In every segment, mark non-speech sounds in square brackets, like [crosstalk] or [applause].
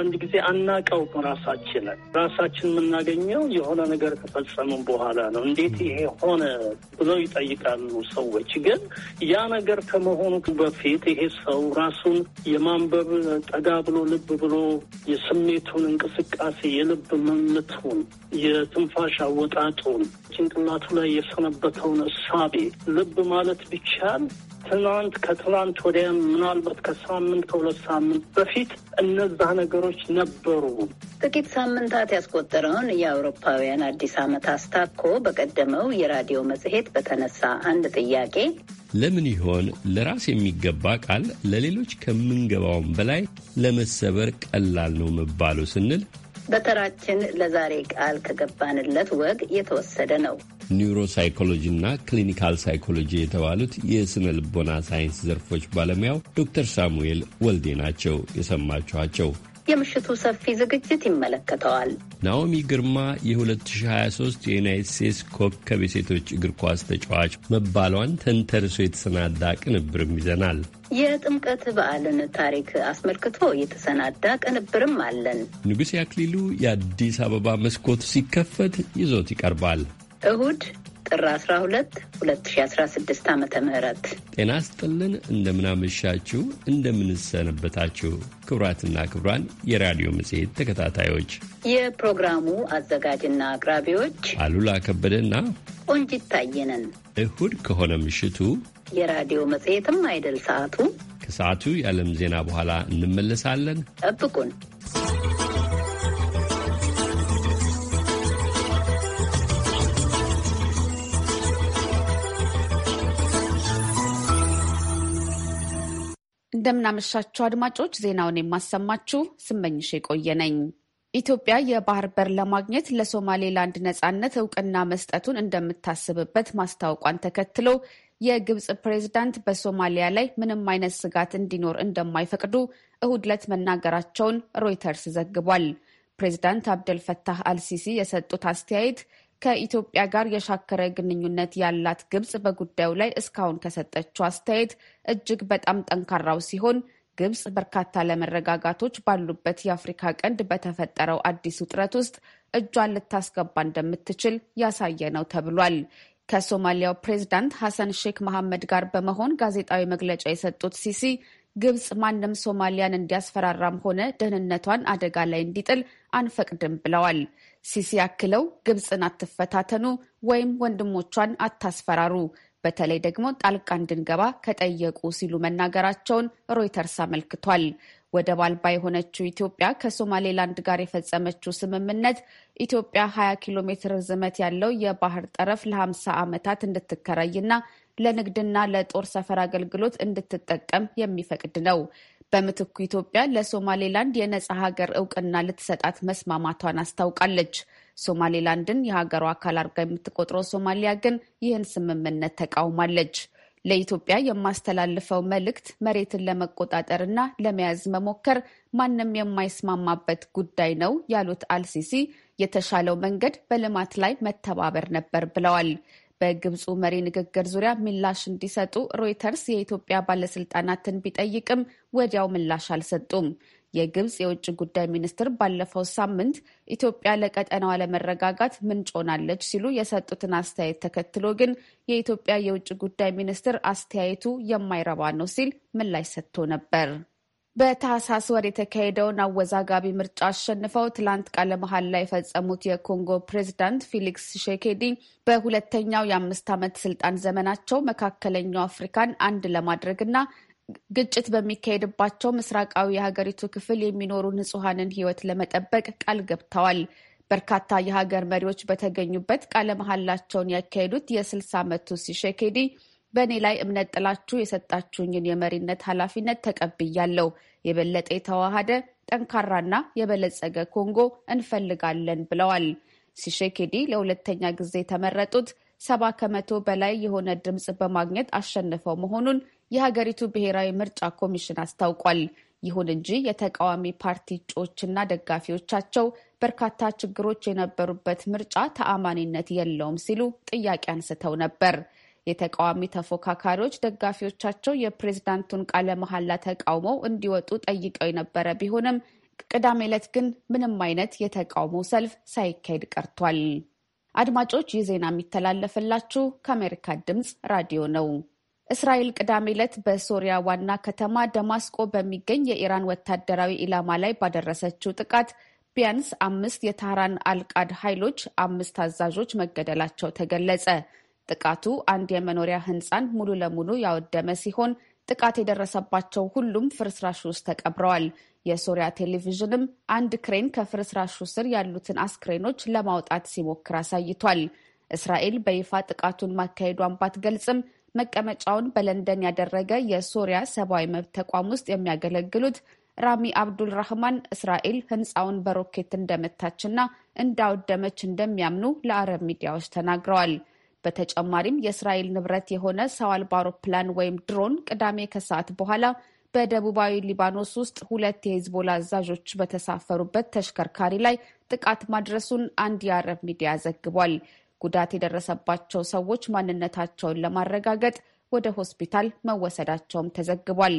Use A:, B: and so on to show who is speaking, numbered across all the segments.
A: አንዳንድ ጊዜ አናቀው ራሳችንን ራሳችን የምናገኘው የሆነ ነገር ከፈጸምን በኋላ ነው። እንዴት ይሄ ሆነ ብለው ይጠይቃሉ ሰዎች። ግን ያ ነገር ከመሆኑ በፊት ይሄ ሰው ራሱን የማንበብ ጠጋ ብሎ ልብ ብሎ የስሜቱን እንቅስቃሴ፣ የልብ ምምቱን፣ የትንፋሽ አወጣጡን፣ ጭንቅላቱ ላይ የሰነበተውን እሳቤ ልብ ማለት ቢቻል ትናንት፣ ከትናንት ወዲያ፣ ምናልባት ከሳምንት ከሁለት ሳምንት በፊት እነዛ ነገሮች ነበሩ።
B: ጥቂት ሳምንታት ያስቆጠረውን
A: የአውሮፓውያን
B: አዲስ ዓመት አስታኮ በቀደመው የራዲዮ መጽሔት በተነሳ አንድ ጥያቄ
C: ለምን ይሆን ለራስ የሚገባ ቃል ለሌሎች ከምንገባውም በላይ ለመሰበር ቀላል ነው መባሉ ስንል
B: በተራችን ለዛሬ ቃል ከገባንለት ወግ የተወሰደ ነው።
C: ኒውሮሳይኮሎጂና ክሊኒካል ሳይኮሎጂ የተባሉት የስነ ልቦና ሳይንስ ዘርፎች ባለሙያው ዶክተር ሳሙኤል ወልዴ ናቸው የሰማችኋቸው።
B: የምሽቱ ሰፊ ዝግጅት ይመለከተዋል።
C: ናኦሚ ግርማ የ2023 የዩናይት ስቴትስ ኮከብ የሴቶች እግር ኳስ ተጫዋች መባሏን ተንተርሶ የተሰናዳ ቅንብርም ይዘናል።
B: የጥምቀት በዓልን ታሪክ አስመልክቶ የተሰናዳ ቅንብርም አለን።
C: ንጉሴ አክሊሉ የአዲስ አበባ መስኮት ሲከፈት ይዞት ይቀርባል።
B: እሁድ ጥር 12 2016 ዓ ም
C: ጤና ስጥልን። እንደምናመሻችሁ፣ እንደምንሰነበታችሁ ክቡራትና ክቡራን የራዲዮ መጽሔት ተከታታዮች
B: የፕሮግራሙ አዘጋጅና አቅራቢዎች
C: አሉላ ከበደና
B: ቆንጂት ታየነን።
C: እሁድ ከሆነ ምሽቱ
B: የራዲዮ መጽሔትም አይደል ሰዓቱ።
C: ከሰዓቱ የዓለም ዜና በኋላ እንመለሳለን።
B: ጠብቁን።
D: እንደምናመሻችሁ አድማጮች፣ ዜናውን የማሰማችሁ ስመኝሽ የቆየ ነኝ። ኢትዮጵያ የባህር በር ለማግኘት ለሶማሌላንድ ነጻነት እውቅና መስጠቱን እንደምታስብበት ማስታወቋን ተከትሎ የግብጽ ፕሬዝዳንት በሶማሊያ ላይ ምንም አይነት ስጋት እንዲኖር እንደማይፈቅዱ እሁድ ዕለት መናገራቸውን ሮይተርስ ዘግቧል። ፕሬዝዳንት አብደልፈታህ አልሲሲ የሰጡት አስተያየት ከኢትዮጵያ ጋር የሻከረ ግንኙነት ያላት ግብጽ በጉዳዩ ላይ እስካሁን ከሰጠችው አስተያየት እጅግ በጣም ጠንካራው ሲሆን ግብጽ በርካታ ለመረጋጋቶች ባሉበት የአፍሪካ ቀንድ በተፈጠረው አዲስ ውጥረት ውስጥ እጇን ልታስገባ እንደምትችል ያሳየ ነው ተብሏል። ከሶማሊያው ፕሬዝዳንት ሐሰን ሼክ መሐመድ ጋር በመሆን ጋዜጣዊ መግለጫ የሰጡት ሲሲ ግብጽ ማንም ሶማሊያን እንዲያስፈራራም ሆነ ደህንነቷን አደጋ ላይ እንዲጥል አንፈቅድም ብለዋል። ሲሲ አክለው ግብጽን አትፈታተኑ ወይም ወንድሞቿን አታስፈራሩ፣ በተለይ ደግሞ ጣልቃ እንድንገባ ከጠየቁ ሲሉ መናገራቸውን ሮይተርስ አመልክቷል። ወደብ አልባ የሆነችው ኢትዮጵያ ከሶማሌላንድ ጋር የፈጸመችው ስምምነት ኢትዮጵያ 20 ኪሎ ሜትር ርዝመት ያለው የባህር ጠረፍ ለ50 ዓመታት እንድትከራይና ለንግድና ለጦር ሰፈር አገልግሎት እንድትጠቀም የሚፈቅድ ነው። በምትኩ ኢትዮጵያ ለሶማሌላንድ የነጻ ሀገር እውቅና ልትሰጣት መስማማቷን አስታውቃለች። ሶማሌላንድን የሀገሯ አካል አድርጋ የምትቆጥረው ሶማሊያ ግን ይህን ስምምነት ተቃውማለች። ለኢትዮጵያ የማስተላልፈው መልእክት መሬትን ለመቆጣጠር እና ለመያዝ መሞከር ማንም የማይስማማበት ጉዳይ ነው ያሉት አልሲሲ የተሻለው መንገድ በልማት ላይ መተባበር ነበር ብለዋል። በግብፁ መሪ ንግግር ዙሪያ ምላሽ እንዲሰጡ ሮይተርስ የኢትዮጵያ ባለስልጣናትን ቢጠይቅም ወዲያው ምላሽ አልሰጡም። የግብጽ የውጭ ጉዳይ ሚኒስትር ባለፈው ሳምንት ኢትዮጵያ ለቀጠናው አለመረጋጋት ምንጭ ሆናለች ሲሉ የሰጡትን አስተያየት ተከትሎ ግን የኢትዮጵያ የውጭ ጉዳይ ሚኒስትር አስተያየቱ የማይረባ ነው ሲል ምላሽ ሰጥቶ ነበር። በታህሳስ ወር የተካሄደውን አወዛጋቢ ምርጫ አሸንፈው ትላንት ቃለ መሐላ የፈጸሙት የኮንጎ ፕሬዚዳንት ፊሊክስ ሼኬዲ በሁለተኛው የአምስት ዓመት ስልጣን ዘመናቸው መካከለኛው አፍሪካን አንድ ለማድረግና ግጭት በሚካሄድባቸው ምስራቃዊ የሀገሪቱ ክፍል የሚኖሩ ንጹሐንን ሕይወት ለመጠበቅ ቃል ገብተዋል። በርካታ የሀገር መሪዎች በተገኙበት ቃለ መሐላቸውን ያካሄዱት የ60 ዓመቱ ሲሼኬዲ በእኔ ላይ እምነት ጥላችሁ የሰጣችሁኝን የመሪነት ኃላፊነት ተቀብያለሁ። የበለጠ የተዋሃደ ጠንካራና የበለጸገ ኮንጎ እንፈልጋለን ብለዋል። ሲሼኬዲ ለሁለተኛ ጊዜ የተመረጡት ሰባ ከመቶ በላይ የሆነ ድምፅ በማግኘት አሸንፈው መሆኑን የሀገሪቱ ብሔራዊ ምርጫ ኮሚሽን አስታውቋል። ይሁን እንጂ የተቃዋሚ ፓርቲ እጩዎችና ደጋፊዎቻቸው በርካታ ችግሮች የነበሩበት ምርጫ ተአማኒነት የለውም ሲሉ ጥያቄ አንስተው ነበር። የተቃዋሚ ተፎካካሪዎች ደጋፊዎቻቸው የፕሬዝዳንቱን ቃለ መሐላ ተቃውመው እንዲወጡ ጠይቀው የነበረ ቢሆንም ቅዳሜ ዕለት ግን ምንም አይነት የተቃውሞ ሰልፍ ሳይካሄድ ቀርቷል። አድማጮች፣ ይህ ዜና የሚተላለፍላችሁ ከአሜሪካ ድምፅ ራዲዮ ነው። እስራኤል ቅዳሜ ዕለት በሶሪያ ዋና ከተማ ደማስቆ በሚገኝ የኢራን ወታደራዊ ኢላማ ላይ ባደረሰችው ጥቃት ቢያንስ አምስት የታህራን አልቃድ ኃይሎች አምስት አዛዦች መገደላቸው ተገለጸ። ጥቃቱ አንድ የመኖሪያ ሕንፃን ሙሉ ለሙሉ ያወደመ ሲሆን ጥቃት የደረሰባቸው ሁሉም ፍርስራሽ ውስጥ ተቀብረዋል። የሶሪያ ቴሌቪዥንም አንድ ክሬን ከፍርስራሹ ስር ያሉትን አስክሬኖች ለማውጣት ሲሞክር አሳይቷል። እስራኤል በይፋ ጥቃቱን ማካሄዷን ባትገልጽም መቀመጫውን በለንደን ያደረገ የሶሪያ ሰብአዊ መብት ተቋም ውስጥ የሚያገለግሉት ራሚ አብዱል ራህማን እስራኤል ህንፃውን በሮኬት እንደመታችና እንዳወደመች እንደሚያምኑ ለአረብ ሚዲያዎች ተናግረዋል። በተጨማሪም የእስራኤል ንብረት የሆነ ሰው አልባ አውሮፕላን ወይም ድሮን ቅዳሜ ከሰዓት በኋላ በደቡባዊ ሊባኖስ ውስጥ ሁለት የሂዝቦላ አዛዦች በተሳፈሩበት ተሽከርካሪ ላይ ጥቃት ማድረሱን አንድ የአረብ ሚዲያ ዘግቧል። ጉዳት የደረሰባቸው ሰዎች ማንነታቸውን ለማረጋገጥ ወደ ሆስፒታል መወሰዳቸውም ተዘግቧል።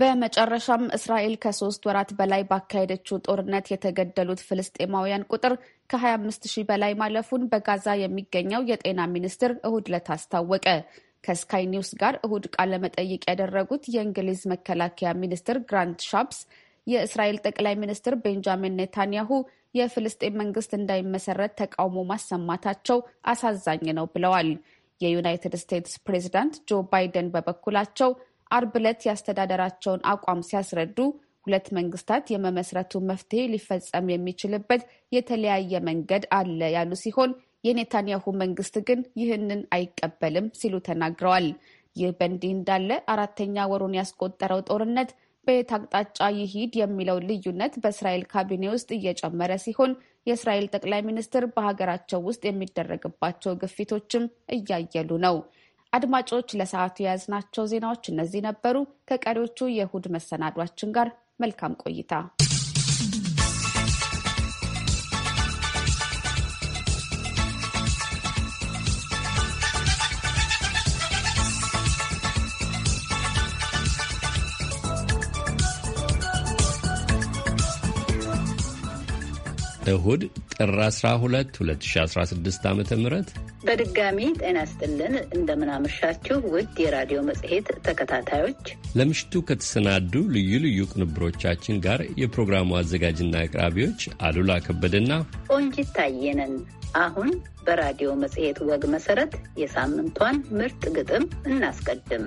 D: በመጨረሻም እስራኤል ከሶስት ወራት በላይ ባካሄደችው ጦርነት የተገደሉት ፍልስጤማውያን ቁጥር ከ25 ሺህ በላይ ማለፉን በጋዛ የሚገኘው የጤና ሚኒስቴር እሁድ ዕለት አስታወቀ። ከስካይ ኒውስ ጋር እሁድ ቃለ መጠይቅ ያደረጉት የእንግሊዝ መከላከያ ሚኒስትር ግራንት ሻፕስ የእስራኤል ጠቅላይ ሚኒስትር ቤንጃሚን ኔታንያሁ የፍልስጤን መንግስት እንዳይመሰረት ተቃውሞ ማሰማታቸው አሳዛኝ ነው ብለዋል። የዩናይትድ ስቴትስ ፕሬዚዳንት ጆ ባይደን በበኩላቸው አርብ ዕለት የአስተዳደራቸውን አቋም ሲያስረዱ ሁለት መንግስታት የመመስረቱ መፍትሄ ሊፈጸም የሚችልበት የተለያየ መንገድ አለ ያሉ ሲሆን የኔታንያሁ መንግስት ግን ይህንን አይቀበልም ሲሉ ተናግረዋል። ይህ በእንዲህ እንዳለ አራተኛ ወሩን ያስቆጠረው ጦርነት በየት አቅጣጫ ይሂድ የሚለው ልዩነት በእስራኤል ካቢኔ ውስጥ እየጨመረ ሲሆን የእስራኤል ጠቅላይ ሚኒስትር በሀገራቸው ውስጥ የሚደረግባቸው ግፊቶችም እያየሉ ነው። አድማጮች፣ ለሰዓቱ የያዝናቸው ዜናዎች እነዚህ ነበሩ። ከቀሪዎቹ የእሁድ መሰናዷችን ጋር መልካም ቆይታ
C: እሁድ ጥር 12 2016 ዓ ም
B: በድጋሚ ጤና ስጥልን። እንደምናመሻችሁ ውድ የራዲዮ መጽሔት ተከታታዮች
C: ለምሽቱ ከተሰናዱ ልዩ ልዩ ቅንብሮቻችን ጋር የፕሮግራሙ አዘጋጅና አቅራቢዎች አሉላ ከበደና
B: ቆንጂት ታየነን። አሁን በራዲዮ መጽሔት ወግ መሰረት የሳምንቷን ምርጥ ግጥም እናስቀድም።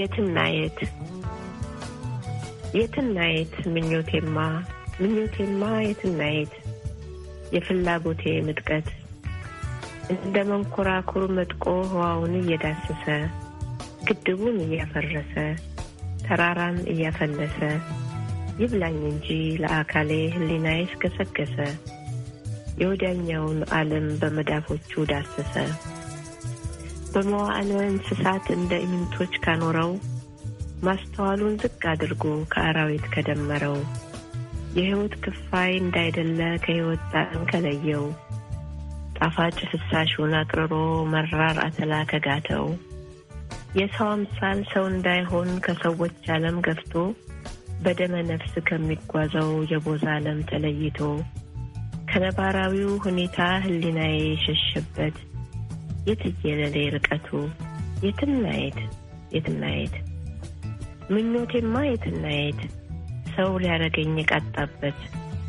E: የትናየት የት ምኞቴማ ምኞቴማ የትና የፍላጎቴ ምጥቀት እንደ መንኮራኩር መጥቆ ህዋውን እየዳሰሰ ግድቡን እያፈረሰ ተራራን እያፈለሰ ይብላኝ እንጂ ለአካሌ ህሊናዬ እስገሰገሰ የወዲያኛውን ዓለም በመዳፎቹ ዳሰሰ። በመዋዕለ እንስሳት እንደ ኢምንቶች ካኖረው ማስተዋሉን ዝቅ አድርጎ ከአራዊት ከደመረው የሕይወት ክፋይ እንዳይደለ ከሕይወት ጣዕም ከለየው ጣፋጭ ፍሳሹን አቅርሮ መራር አተላ ከጋተው የሰው አምሳል ሰው እንዳይሆን ከሰዎች ዓለም ገፍቶ በደመ ነፍስ ከሚጓዘው የቦዛ ዓለም ተለይቶ ከነባራዊው ሁኔታ ህሊናዬ የሸሸበት የትየለሌ ርቀቱ የትናየት የትናየት ምኞቴማ የትናየት ሰው ሊያረገኝ የቃጣበት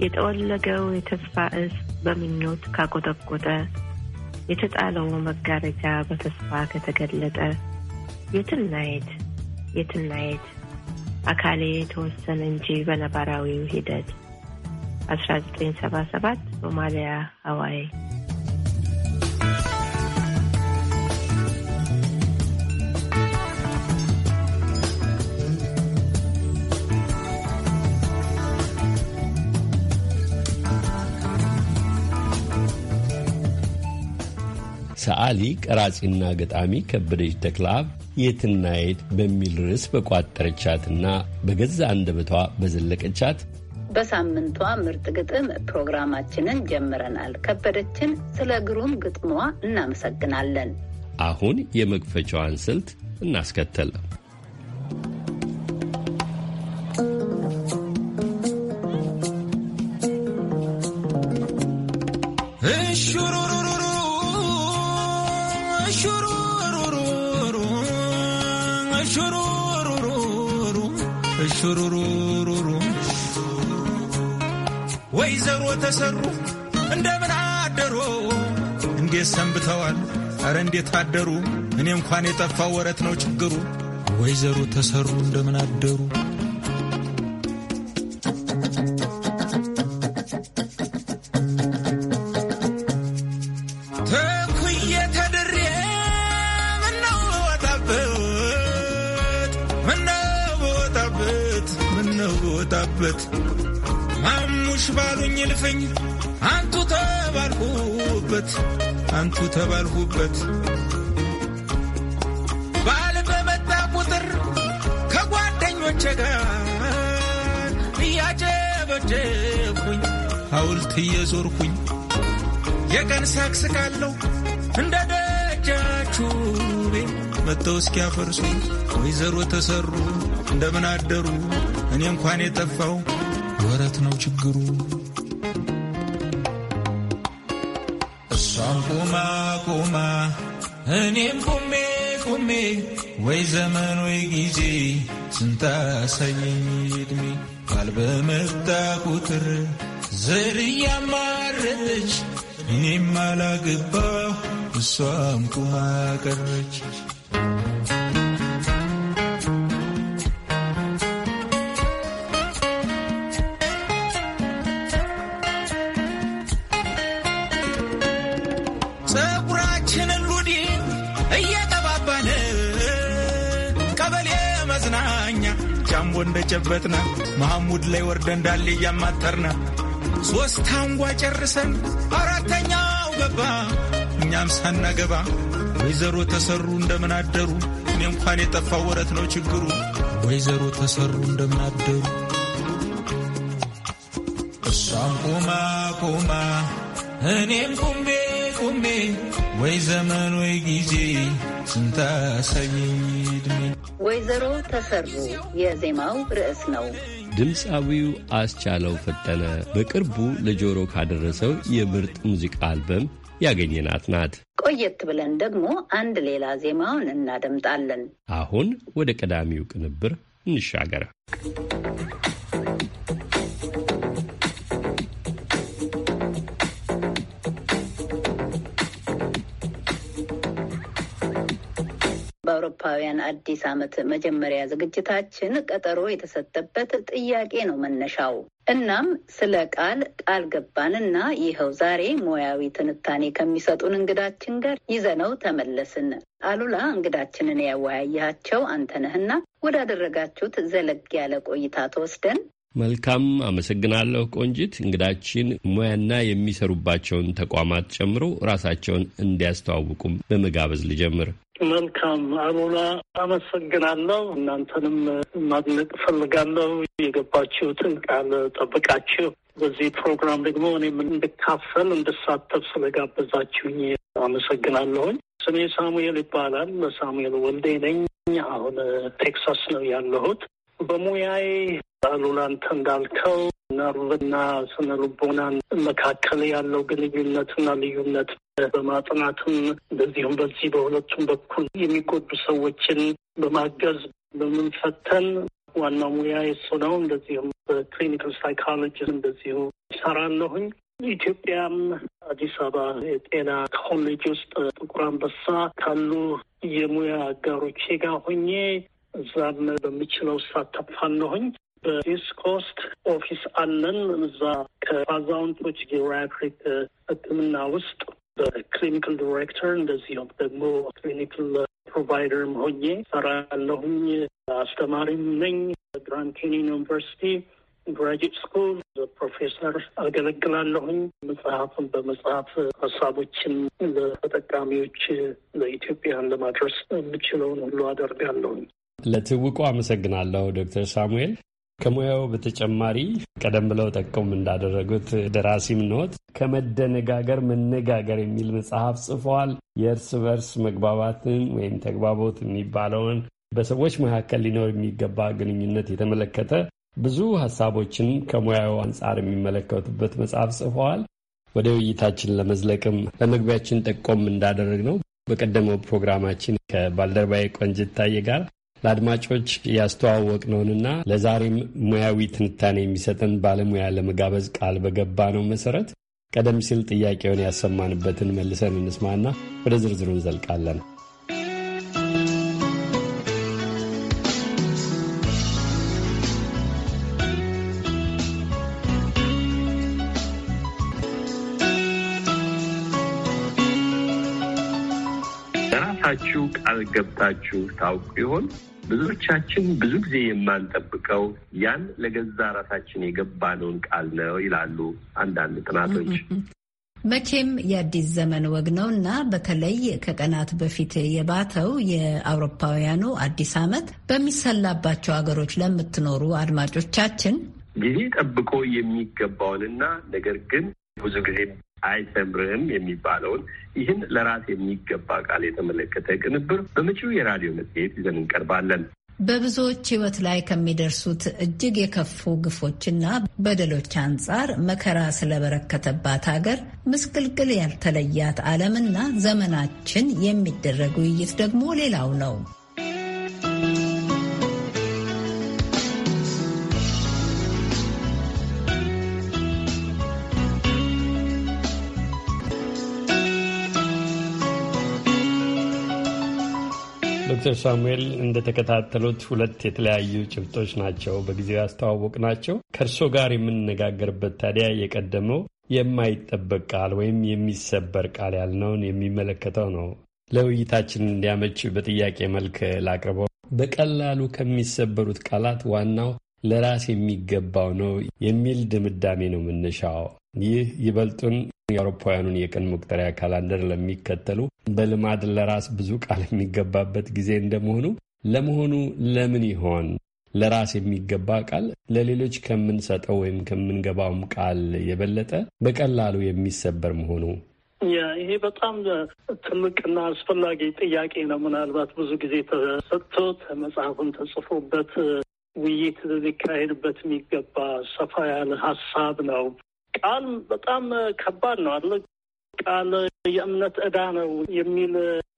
E: የጠወለገው የተስፋ እስ በምኞት ካቆጠቆጠ የተጣለው መጋረጃ በተስፋ ከተገለጠ የትናየት የትናየት! አካሌ የተወሰነ እንጂ በነባራዊው ሂደት 1977 ሶማሊያ ሀዋይ
C: ሰዓሊ ቀራጺና ገጣሚ ከበደች ተክላብ የትና የት በሚል ርዕስ በቋጠረቻትና በገዛ አንደበቷ በዘለቀቻት
B: በሳምንቷ ምርጥ ግጥም ፕሮግራማችንን ጀምረናል። ከበደችን ስለ ግሩም ግጥሟ እናመሰግናለን።
C: አሁን የመክፈቻዋን ስልት እናስከተል።
F: እሹሩሩ እሽሩሩሩሩ
G: ወይዘሮ ተሰሩ እንደምን አደሩ? እንዴት ሰንብተዋል? ኧረ እንዴት አደሩ? እኔ እንኳን የጠፋው ወረት ነው ችግሩ። ወይዘሮ ተሰሩ እንደምን አደሩ? ተባልሁበት በዓል በመጣ ቁጥር ከጓደኞቼ ጋር እያጨበጨብኩኝ ሐውልት እየዞርኩኝ የቀን ሳቅስቃለሁ እንደ ደጃችሁ ቤት መጥተው እስኪያፈርሱ ወይዘሮ ተሰሩ እንደምን አደሩ እኔ እንኳን የጠፋው ወረት ነው ችግሩ ወይ ዘመን ወይ ጊዜ ስንታሳየኝ እድሜ ቃል በመጣ ቁጥር ዘር እያማረች እኔም አላገባ እሷም ቁማ ቀረች። እየጨበጥነ መሐሙድ ላይ ወርደ እንዳለ እያማተርነ ሦስት አንጓ ጨርሰን አራተኛው ገባ። እኛም ሳናገባ ወይዘሮ ተሰሩ እንደምን አደሩ። እኔ እንኳን የጠፋው ወረት ነው ችግሩ። ወይዘሮ ተሰሩ እንደምን አደሩ። እሷም ቁማ ቁማ እኔም ቁሜ ቁሜ ወይ ዘመን ወይ ጊዜ ስንታሳየኝ
B: ዕድሜ ወይዘሮ ተሰሩ የዜማው ርዕስ ነው።
C: ድምፃዊው አስቻለው ፈጠነ በቅርቡ ለጆሮ ካደረሰው የምርጥ ሙዚቃ አልበም ያገኘናት ናት።
B: ቆየት ብለን ደግሞ አንድ ሌላ ዜማውን እናደምጣለን።
C: አሁን ወደ ቀዳሚው ቅንብር እንሻገር።
B: በአውሮፓውያን አዲስ ዓመት መጀመሪያ ዝግጅታችን ቀጠሮ የተሰጠበት ጥያቄ ነው መነሻው። እናም ስለ ቃል ቃል ገባንና ይኸው ዛሬ ሙያዊ ትንታኔ ከሚሰጡን እንግዳችን ጋር ይዘነው ተመለስን። አሉላ እንግዳችንን ያወያያቸው አንተነህና ወዳደረጋችሁት ዘለግ ያለ ቆይታ ተወስደን
C: መልካም አመሰግናለሁ ቆንጂት። እንግዳችን ሙያና የሚሰሩባቸውን ተቋማት ጨምሮ ራሳቸውን እንዲያስተዋውቁም በመጋበዝ ልጀምር።
A: መልካም አሉላ፣ አመሰግናለሁ። እናንተንም ማድነቅ እፈልጋለሁ። የገባችሁትን ቃል ጠብቃችሁ በዚህ ፕሮግራም ደግሞ እኔም እንድካፈል እንድሳተፍ ስለጋበዛችሁኝ አመሰግናለሁኝ። ስሜ ሳሙኤል ይባላል። ሳሙኤል ወልዴ ነኝ። አሁን ቴክሳስ ነው ያለሁት። በሙያዬ አሉላ አንተ እንዳልከው ነርቭና ስነ ልቦናን መካከል ያለው ግንኙነትና ልዩነት በማጥናትም በዚሁም በዚህ በሁለቱም በኩል የሚጎዱ ሰዎችን በማገዝ በምንፈተን ዋናው ሙያ የሱ ነው። እንደዚሁም በክሊኒካል ሳይኮሎጂ እንደዚሁ ይሰራለሁኝ። ኢትዮጵያም አዲስ አበባ የጤና ኮሌጅ ውስጥ ጥቁር አንበሳ ካሉ የሙያ አጋሮቼ ጋር ሆኜ እዛም በምችለው እሳተፋለሁኝ። በኢስት ኮስት ኦፊስ አለን። እዛ ከአዛውንቶች ጌራትሪክ ሕክምና ውስጥ በክሊኒካል ዲሬክተር እንደዚሁም ደግሞ ክሊኒካል ፕሮቫይደርም ሆኜ ሰራለሁኝ። አስተማሪም ነኝ። ግራንድ ኬንያን ዩኒቨርሲቲ ግራጅዌት ስኩል ፕሮፌሰር አገለግላለሁኝ። መጽሐፍን በመጽሐፍ ሀሳቦችን ለተጠቃሚዎች ለኢትዮጵያን ለማድረስ የምችለውን ሁሉ አደርጋለሁኝ።
C: ለትውቁ አመሰግናለሁ ዶክተር ሳሙኤል። ከሙያው በተጨማሪ ቀደም ብለው ጠቀም እንዳደረጉት ደራሲም ኖት ከመደነጋገር መነጋገር የሚል መጽሐፍ ጽፈዋል። የእርስ በርስ መግባባትን ወይም ተግባቦት የሚባለውን በሰዎች መካከል ሊኖር የሚገባ ግንኙነት የተመለከተ ብዙ ሀሳቦችን ከሙያው አንጻር የሚመለከቱበት መጽሐፍ ጽፈዋል። ወደ ውይይታችን ለመዝለቅም ለመግቢያችን ጠቆም እንዳደረግ ነው በቀደመው ፕሮግራማችን ከባልደረባዬ ቆንጅት ታዬ ጋር ለአድማጮች ያስተዋወቅ ነውንና ለዛሬም ሙያዊ ትንታኔ የሚሰጠን ባለሙያ ለመጋበዝ ቃል በገባ ነው መሰረት ቀደም ሲል ጥያቄውን ያሰማንበትን መልሰን እንስማና ወደ ዝርዝሩ እንዘልቃለን። ገብታችሁ ታውቁ ይሆን? ብዙዎቻችን ብዙ ጊዜ የማንጠብቀው ያን ለገዛ ራሳችን የገባነውን ቃል ነው ይላሉ አንዳንድ ጥናቶች።
B: መቼም የአዲስ ዘመን ወግ ነው እና በተለይ ከቀናት በፊት የባተው የአውሮፓውያኑ አዲስ ዓመት በሚሰላባቸው ሀገሮች ለምትኖሩ አድማጮቻችን
C: ጊዜ ጠብቆ የሚገባውንና ነገር ግን ብዙ ጊዜ አይሰምርህም የሚባለውን ይህን ለራስ የሚገባ ቃል የተመለከተ ቅንብር በመጪው የራዲዮ መጽሔት ይዘን እንቀርባለን።
B: በብዙዎች ሕይወት ላይ ከሚደርሱት እጅግ የከፉ ግፎችና በደሎች አንጻር መከራ ስለበረከተባት ሀገር ምስቅልቅል ያልተለያት ዓለምና ዘመናችን የሚደረግ ውይይት ደግሞ ሌላው ነው።
C: ዶክተር ሳሙኤል እንደተከታተሉት ሁለት የተለያዩ ጭብጦች ናቸው በጊዜው ያስተዋወቅ ናቸው። ከእርሶ ጋር የምንነጋገርበት ታዲያ የቀደመው የማይጠበቅ ቃል ወይም የሚሰበር ቃል ያልነውን የሚመለከተው ነው። ለውይይታችን እንዲያመች በጥያቄ መልክ ላቅርበው። በቀላሉ ከሚሰበሩት ቃላት ዋናው ለራስ የሚገባው ነው የሚል ድምዳሜ ነው መነሻው። ይህ ይበልጡን የአውሮፓውያኑን የቀን መቁጠሪያ ካላንደር ለሚከተሉ በልማድ ለራስ ብዙ ቃል የሚገባበት ጊዜ እንደመሆኑ ለመሆኑ ለምን ይሆን ለራስ የሚገባ ቃል ለሌሎች ከምንሰጠው ወይም ከምንገባውም ቃል የበለጠ በቀላሉ የሚሰበር መሆኑ?
A: ይሄ በጣም ትልቅና አስፈላጊ ጥያቄ ነው። ምናልባት ብዙ ጊዜ ተሰጥቶት መጽሐፉን ተጽፎበት ውይይት ሊካሄድበት የሚገባ ሰፋ ያለ ሀሳብ ነው። ቃል በጣም ከባድ ነው አለ ቃል የእምነት እዳ ነው የሚል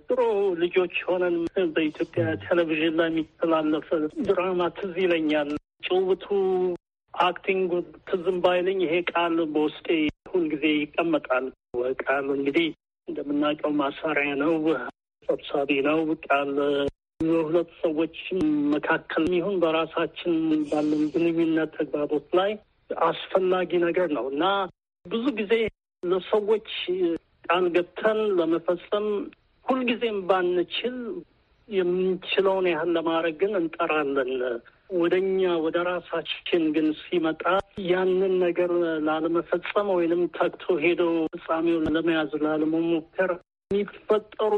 A: ድሮ ልጆች ሆነን በኢትዮጵያ ቴሌቪዥን ላይ የሚተላለፍ ድራማ ትዝ ይለኛል። ጭውቱ አክቲንግ ትዝም ባይለኝ ይሄ ቃል በውስጤ ሁልጊዜ ይቀመጣል። ቃል እንግዲህ እንደምናውቀው ማሰሪያ ነው፣ ሰብሳቢ ነው። ቃል በሁለት ሰዎች መካከል ይሁን በራሳችን ባለን ግንኙነት ተግባቦት ላይ አስፈላጊ ነገር ነው እና ብዙ ጊዜ ለሰዎች አንገብተን ለመፈጸም ሁልጊዜም ባንችል የምንችለውን ያህል ለማድረግ ግን እንጠራለን። ወደ እኛ ወደ ራሳችን ግን ሲመጣ ያንን ነገር ላለመፈጸም ወይንም ተግቶ ሄዶ ፍጻሜው ለመያዝ ላለመሞከር የሚፈጠሩ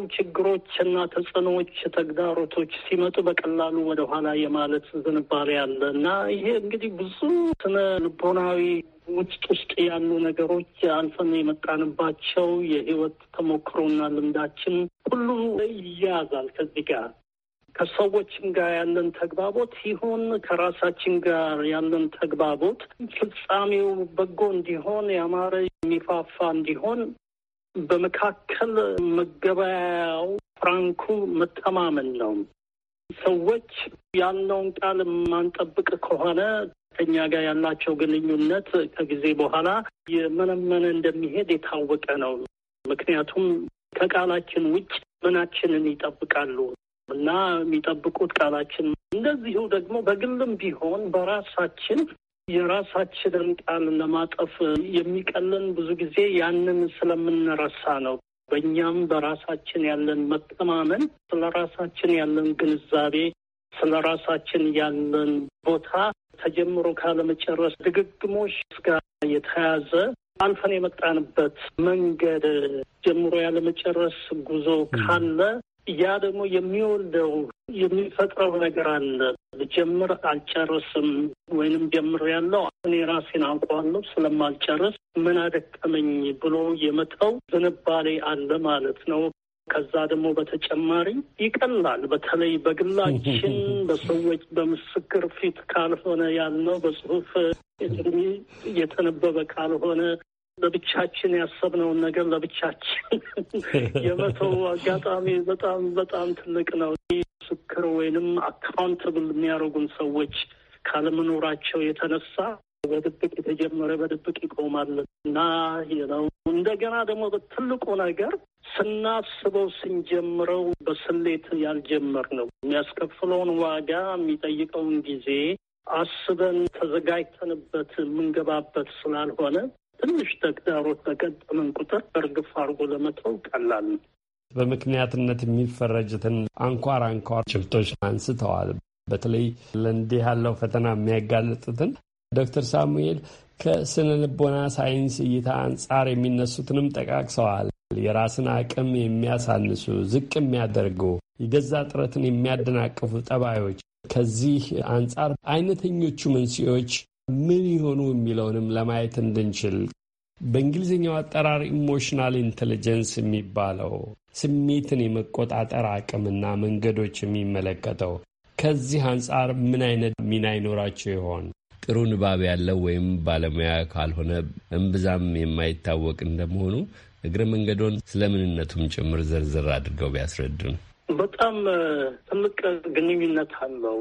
A: እና ተጽዕኖዎች፣ ተግዳሮቶች ሲመጡ በቀላሉ ወደኋላ የማለት ዝንባሌ አለ እና ይሄ እንግዲህ ብዙ ስነ ልቦናዊ ውስጥ ውስጥ ያሉ ነገሮች አልፈን የመጣንባቸው የህይወት ተሞክሮና ልምዳችን ሁሉ ይያዛል ከዚህ ጋር ከሰዎችም ጋር ያለን ተግባቦት ይሁን ከራሳችን ጋር ያለን ተግባቦት ፍጻሜው በጎ እንዲሆን ያማረ የሚፋፋ እንዲሆን በመካከል መገበያያው ፍራንኩ መተማመን ነው። ሰዎች ያለውን ቃል የማንጠብቅ ከሆነ ከኛ ጋር ያላቸው ግንኙነት ከጊዜ በኋላ የመነመነ እንደሚሄድ የታወቀ ነው። ምክንያቱም ከቃላችን ውጭ ምናችንን ይጠብቃሉ እና የሚጠብቁት ቃላችን። እንደዚሁ ደግሞ በግልም ቢሆን በራሳችን የራሳችንን ቃል ለማጠፍ የሚቀለን ብዙ ጊዜ ያንን ስለምንረሳ ነው። በእኛም በራሳችን ያለን መተማመን፣ ስለ ራሳችን ያለን ግንዛቤ፣ ስለ ራሳችን ያለን ቦታ ተጀምሮ ካለመጨረስ ድግግሞሽ ጋር የተያዘ አልፈን የመጣንበት መንገድ ጀምሮ ያለመጨረስ ጉዞ ካለ ያ ደግሞ የሚወልደው የሚፈጥረው ነገር አለ። ጀምር አልጨርስም ወይንም ጀምር ያለው እኔ ራሴን አውቀዋለሁ ስለማልጨርስ ምን አደቀመኝ ብሎ የመተው ዝንባሌ አለ ማለት ነው። ከዛ ደግሞ በተጨማሪ ይቀላል። በተለይ በግላችን [laughs] በሰዎች በምስክር ፊት ካልሆነ ያልነው በጽሁፍ የተነበበ ካልሆነ ለብቻችን ያሰብነውን ነገር ለብቻችን [laughs] የመተው አጋጣሚ በጣም በጣም ትልቅ ነው። ምስክር ወይንም አካውንተብል የሚያደርጉን ሰዎች ካለመኖራቸው የተነሳ በድብቅ የተጀመረ በድብቅ ይቆማል እና ነው እንደገና ደግሞ በትልቁ ነገር ስናስበው ስንጀምረው በስሌት ያልጀመር ነው የሚያስከፍለውን ዋጋ የሚጠይቀውን ጊዜ አስበን ተዘጋጅተንበት የምንገባበት ስላልሆነ ትንሽ ተግዳሮት ተገጠመን ቁጥር እርግፍ አድርጎ ለመተው ቀላል ነው።
C: በምክንያትነት የሚፈረጅትን አንኳር አንኳር ጭብጦች አንስተዋል። በተለይ ለእንዲህ ያለው ፈተና የሚያጋልጡትን ዶክተር ሳሙኤል ከስነ ልቦና ሳይንስ እይታ አንጻር የሚነሱትንም ጠቃቅሰዋል። የራስን አቅም የሚያሳንሱ ዝቅ የሚያደርጉ የገዛ ጥረትን የሚያደናቅፉ ጠባዮች ከዚህ አንጻር አይነተኞቹ መንስኤዎች ምን ይሆኑ የሚለውንም ለማየት እንድንችል በእንግሊዝኛው አጠራር ኢሞሽናል ኢንቴሊጀንስ የሚባለው ስሜትን የመቆጣጠር አቅምና መንገዶች የሚመለከተው ከዚህ አንጻር ምን አይነት ሚና ይኖራቸው ይሆን? ጥሩ ንባብ ያለው ወይም ባለሙያ ካልሆነ እምብዛም የማይታወቅ እንደመሆኑ እግረ መንገዶን ስለ ምንነቱም ጭምር ዝርዝር አድርገው ቢያስረዱን።
A: በጣም ጥምቅ ግንኙነት አለው።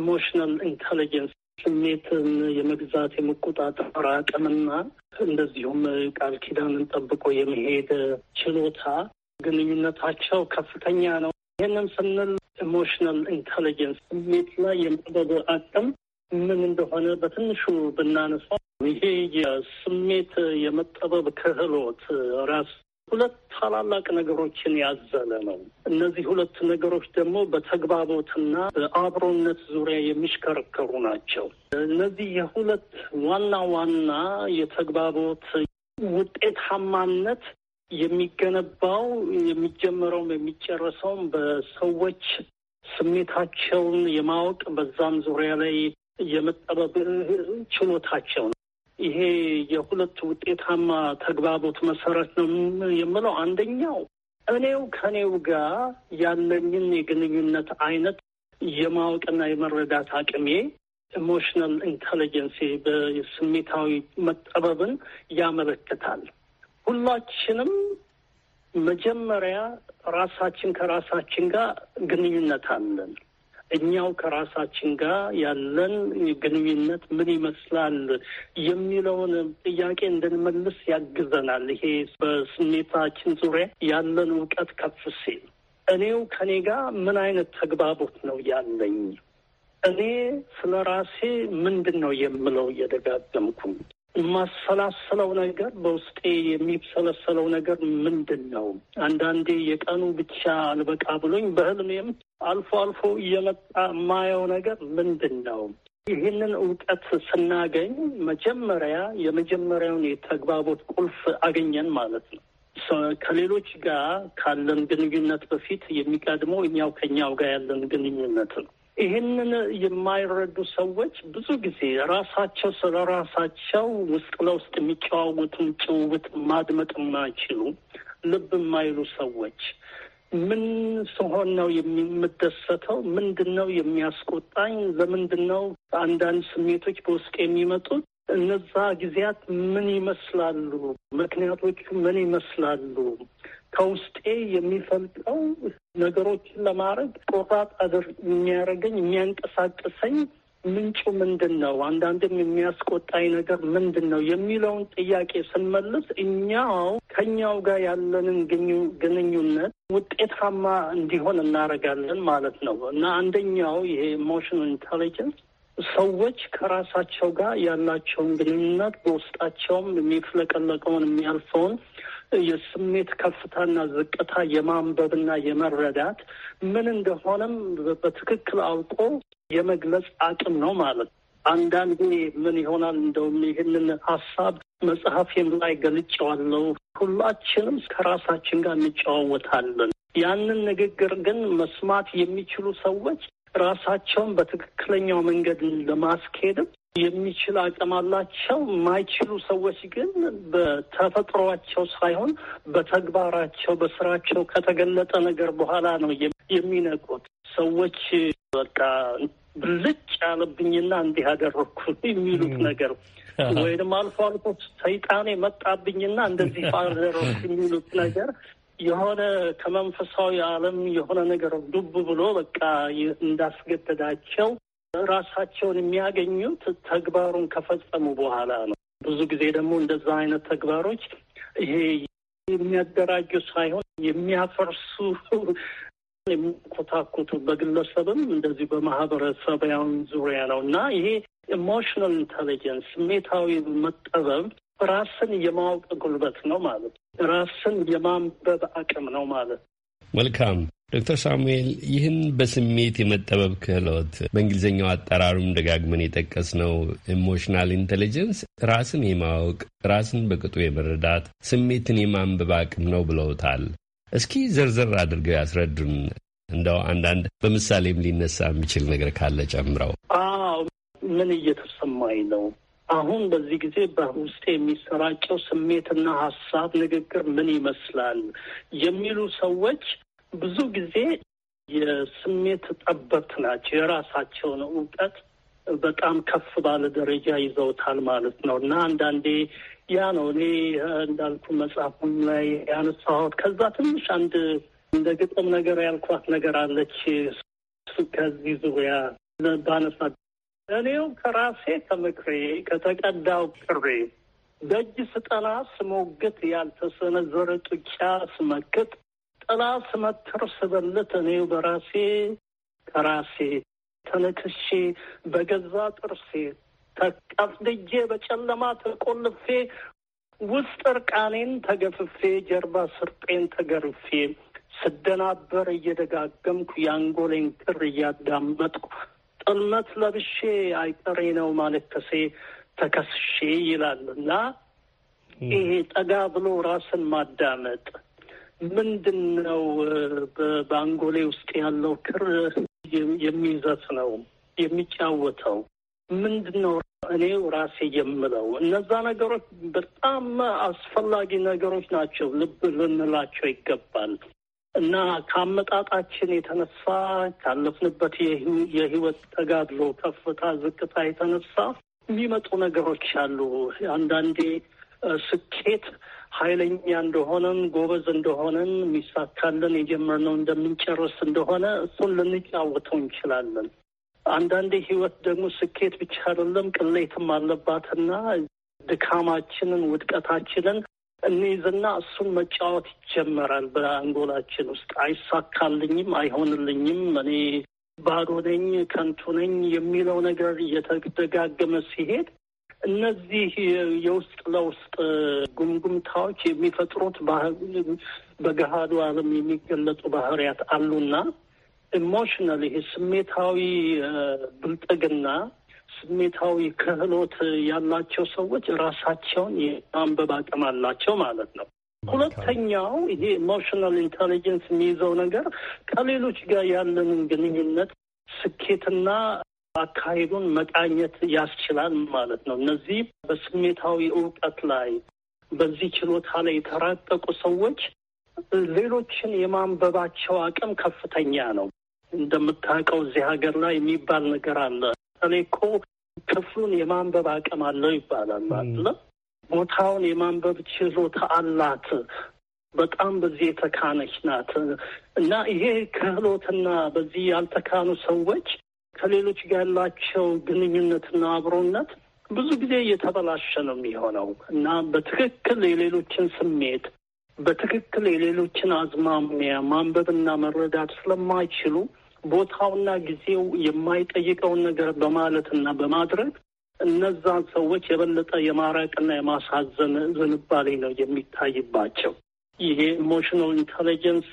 A: ኢሞሽናል ኢንቴሊጀንስ ስሜትን የመግዛት የመቆጣጠር አቅምና እንደዚሁም ቃል ኪዳንን ጠብቆ የመሄድ ችሎታ ግንኙነታቸው ከፍተኛ ነው። ይህንም ስንል ኢሞሽናል ኢንቴሊጀንስ ስሜት ላይ የመጠበብ አቅም ምን እንደሆነ በትንሹ ብናነሳ ይሄ የስሜት የመጠበብ ክህሎት ራስ ሁለት ታላላቅ ነገሮችን ያዘለ ነው። እነዚህ ሁለት ነገሮች ደግሞ በተግባቦትና በአብሮነት ዙሪያ የሚሽከረከሩ ናቸው። እነዚህ የሁለት ዋና ዋና የተግባቦት ውጤታማነት የሚገነባው የሚጀመረውም የሚጨረሰውም በሰዎች ስሜታቸውን የማወቅ በዛም ዙሪያ ላይ የመጠበብ ችሎታቸው ነው። ይሄ የሁለቱ ውጤታማ ተግባቦት መሰረት ነው የምለው አንደኛው እኔው ከኔው ጋር ያለኝን የግንኙነት አይነት የማወቅና የመረዳት አቅሜ ኢሞሽናል ኢንቴሊጀንሲ በስሜታዊ መጠበብን ያመለክታል። ሁላችንም መጀመሪያ ራሳችን ከራሳችን ጋር ግንኙነት አለን። እኛው ከራሳችን ጋር ያለን ግንኙነት ምን ይመስላል የሚለውን ጥያቄ እንድንመልስ ያግዘናል። ይሄ በስሜታችን ዙሪያ ያለን እውቀት ከፍ ሲል እኔው ከኔ ጋር ምን አይነት ተግባቦት ነው ያለኝ፣ እኔ ስለ ራሴ ምንድን ነው የምለው እየደጋገምኩ የማሰላሰለው ነገር በውስጤ የሚሰለሰለው ነገር ምንድን ነው? አንዳንዴ የቀኑ ብቻ አልበቃ ብሎኝ በህልሜም አልፎ አልፎ እየመጣ የማየው ነገር ምንድን ነው? ይህንን እውቀት ስናገኝ መጀመሪያ የመጀመሪያውን የተግባቦት ቁልፍ አገኘን ማለት ነው። ከሌሎች ጋር ካለን ግንኙነት በፊት የሚቀድመው እኛው ከኛው ጋር ያለን ግንኙነት ነው። ይህንን የማይረዱ ሰዎች ብዙ ጊዜ ራሳቸው ስለ ራሳቸው ውስጥ ለውስጥ የሚጨዋወቱን ጭውውት ማድመጥ የማይችሉ ልብ የማይሉ ሰዎች ምን ስሆን ነው የምደሰተው? ምንድን ነው የሚያስቆጣኝ? ለምንድን ነው አንዳንድ ስሜቶች በውስጥ የሚመጡት? እነዛ ጊዜያት ምን ይመስላሉ? ምክንያቶቹ ምን ይመስላሉ? ከውስጤ የሚፈልጠው ነገሮችን ለማድረግ ቆራጥ የሚያደርገኝ የሚያንቀሳቅሰኝ ምንጩ ምንድን ነው፣ አንዳንድም የሚያስቆጣኝ ነገር ምንድን ነው የሚለውን ጥያቄ ስንመልስ እኛው ከኛው ጋር ያለንን ግንኙነት ውጤታማ እንዲሆን እናደርጋለን ማለት ነው እና አንደኛው ይሄ ኢሞሽናል ኢንቴሊጀንስ ሰዎች ከራሳቸው ጋር ያላቸውን ግንኙነት በውስጣቸውም የሚፍለቀለቀውን የሚያልፈውን የስሜት ከፍታና ዝቅታ የማንበብና የመረዳት ምን እንደሆነም በትክክል አውቆ የመግለጽ አቅም ነው ማለት ነው። አንዳንዴ ምን ይሆናል እንደውም ይህንን ሀሳብ መጽሐፌም ላይ ገልጫዋለው ሁላችንም ከራሳችን ጋር እንጨዋወታለን። ያንን ንግግር ግን መስማት የሚችሉ ሰዎች ራሳቸውን በትክክለኛው መንገድ ለማስኬድም የሚችል አቅም አላቸው። የማይችሉ ሰዎች ግን በተፈጥሯቸው ሳይሆን በተግባራቸው በስራቸው ከተገለጠ ነገር በኋላ ነው የሚነቁት። ሰዎች በቃ ብልጭ ያለብኝና እንዲህ አደረግኩ የሚሉት ነገር ወይም አልፎ አልፎ ሰይጣኔ መጣብኝና እንደዚህ ባደረግኩ የሚሉት ነገር የሆነ ከመንፈሳዊ ዓለም የሆነ ነገር ዱብ ብሎ በቃ እንዳስገደዳቸው ራሳቸውን የሚያገኙት ተግባሩን ከፈጸሙ በኋላ ነው። ብዙ ጊዜ ደግሞ እንደዛ አይነት ተግባሮች ይሄ የሚያደራጁ ሳይሆን የሚያፈርሱ የሚኮታኩቱ በግለሰብም እንደዚሁ በማህበረሰባዊ ዙሪያ ነው እና ይሄ ኢሞሽናል ኢንቴሊጀንስ ስሜታዊ መጠበብ ራስን የማወቅ ጉልበት ነው ማለት ነው። ራስን የማንበብ አቅም ነው ማለት ነው።
C: መልካም ዶክተር ሳሙኤል ይህን በስሜት የመጠበብ ክህሎት በእንግሊዝኛው አጠራሩም ደጋግመን የጠቀስነው ኢሞሽናል ኢንቴሊጀንስ ራስን የማወቅ ራስን በቅጡ የመረዳት ስሜትን የማንበብ አቅም ነው ብለውታል። እስኪ ዘርዘር አድርገው ያስረዱን። እንደው አንዳንድ በምሳሌም ሊነሳ የሚችል ነገር ካለ ጨምረው።
A: አዎ ምን እየተሰማኝ ነው አሁን በዚህ ጊዜ በውስጥ የሚሰራጨው ስሜትና ሀሳብ ንግግር ምን ይመስላል የሚሉ ሰዎች ብዙ ጊዜ የስሜት ጠበብት ናቸው። የራሳቸውን እውቀት በጣም ከፍ ባለ ደረጃ ይዘውታል ማለት ነው እና አንዳንዴ ያ ነው እኔ እንዳልኩ መጽሐፉም ላይ ያነሳሁት። ከዛ ትንሽ አንድ እንደ ግጥም ነገር ያልኳት ነገር አለች ከዚህ ዙሪያ ባነሳ እኔው ከራሴ ከምክሬ ከተቀዳው ክሬ በእጅ ስጠና ስሞግት ያልተሰነዘረ ጡጫ ስመክት ጥላ ስመትር ስበልት እኔው በራሴ ከራሴ ተነክሼ በገዛ ጥርሴ ተቀፍድጄ በጨለማ ተቆልፌ ውስጥ እርቃኔን ተገፍፌ ጀርባ ስርጤን ተገርፌ ስደናበር እየደጋገምኩ የአንጎሌን ክር እያዳመጥኩ ጥልመት ለብሼ አይቀሬ ነው ማለት ተከስሼ ይላል እና ይሄ ጠጋ ብሎ ራስን ማዳመጥ ምንድን ነው በአንጎሌ ውስጥ ያለው ክር የሚይዘት ነው የሚጫወተው ምንድን ነው እኔው ራሴ የምለው እነዛ ነገሮች በጣም አስፈላጊ ነገሮች ናቸው። ልብ ልንላቸው ይገባል። እና ከአመጣጣችን የተነሳ ካለፍንበት የህይወት ተጋድሎ ከፍታ ዝቅታ የተነሳ የሚመጡ ነገሮች አሉ። አንዳንዴ ስኬት ኃይለኛ እንደሆነን ጎበዝ እንደሆነን የሚሳካለን የጀመርነው እንደምንጨርስ እንደሆነ እሱን ልንጫወተው እንችላለን። አንዳንዴ ህይወት ደግሞ ስኬት ብቻ አይደለም፣ ቅሌትም አለባትና ድካማችንን ውድቀታችንን እንይዝና እሱን መጫወት ይጀመራል። በአንጎላችን ውስጥ አይሳካልኝም፣ አይሆንልኝም፣ እኔ ባዶ ነኝ፣ ከንቱ ነኝ የሚለው ነገር እየተደጋገመ ሲሄድ እነዚህ የውስጥ ለውስጥ ጉምጉምታዎች የሚፈጥሩት በገሃዱ ዓለም የሚገለጹ ባህሪያት አሉና ኢሞሽናል ይሄ ስሜታዊ ብልጥግና ስሜታዊ ክህሎት ያላቸው ሰዎች ራሳቸውን የማንበብ አቅም አላቸው ማለት ነው። ሁለተኛው ይሄ ኢሞሽናል ኢንቴሊጀንስ የሚይዘው ነገር ከሌሎች ጋር ያለንን ግንኙነት ስኬትና አካሄዱን መቃኘት ያስችላል ማለት ነው። እነዚህ በስሜታዊ እውቀት ላይ በዚህ ችሎታ ላይ የተራቀቁ ሰዎች ሌሎችን የማንበባቸው አቅም ከፍተኛ ነው። እንደምታውቀው እዚህ ሀገር ላይ የሚባል ነገር አለ ለምሳሌ እኮ ክፍሉን የማንበብ አቅም አለው ይባላል አለ ቦታውን የማንበብ ችሎታ አላት፣ በጣም በዚህ የተካነች ናት እና ይሄ ክህሎትና በዚህ ያልተካኑ ሰዎች ከሌሎች ጋር ያላቸው ግንኙነትና አብሮነት ብዙ ጊዜ እየተበላሸ ነው የሚሆነው እና በትክክል የሌሎችን ስሜት በትክክል የሌሎችን አዝማሚያ ማንበብና መረዳት ስለማይችሉ ቦታውና ጊዜው የማይጠይቀውን ነገር በማለትና በማድረግ እነዛን ሰዎች የበለጠ የማራቅና የማሳዘን ዝንባሌ ነው የሚታይባቸው። ይሄ ኢሞሽናል ኢንቴሊጀንስ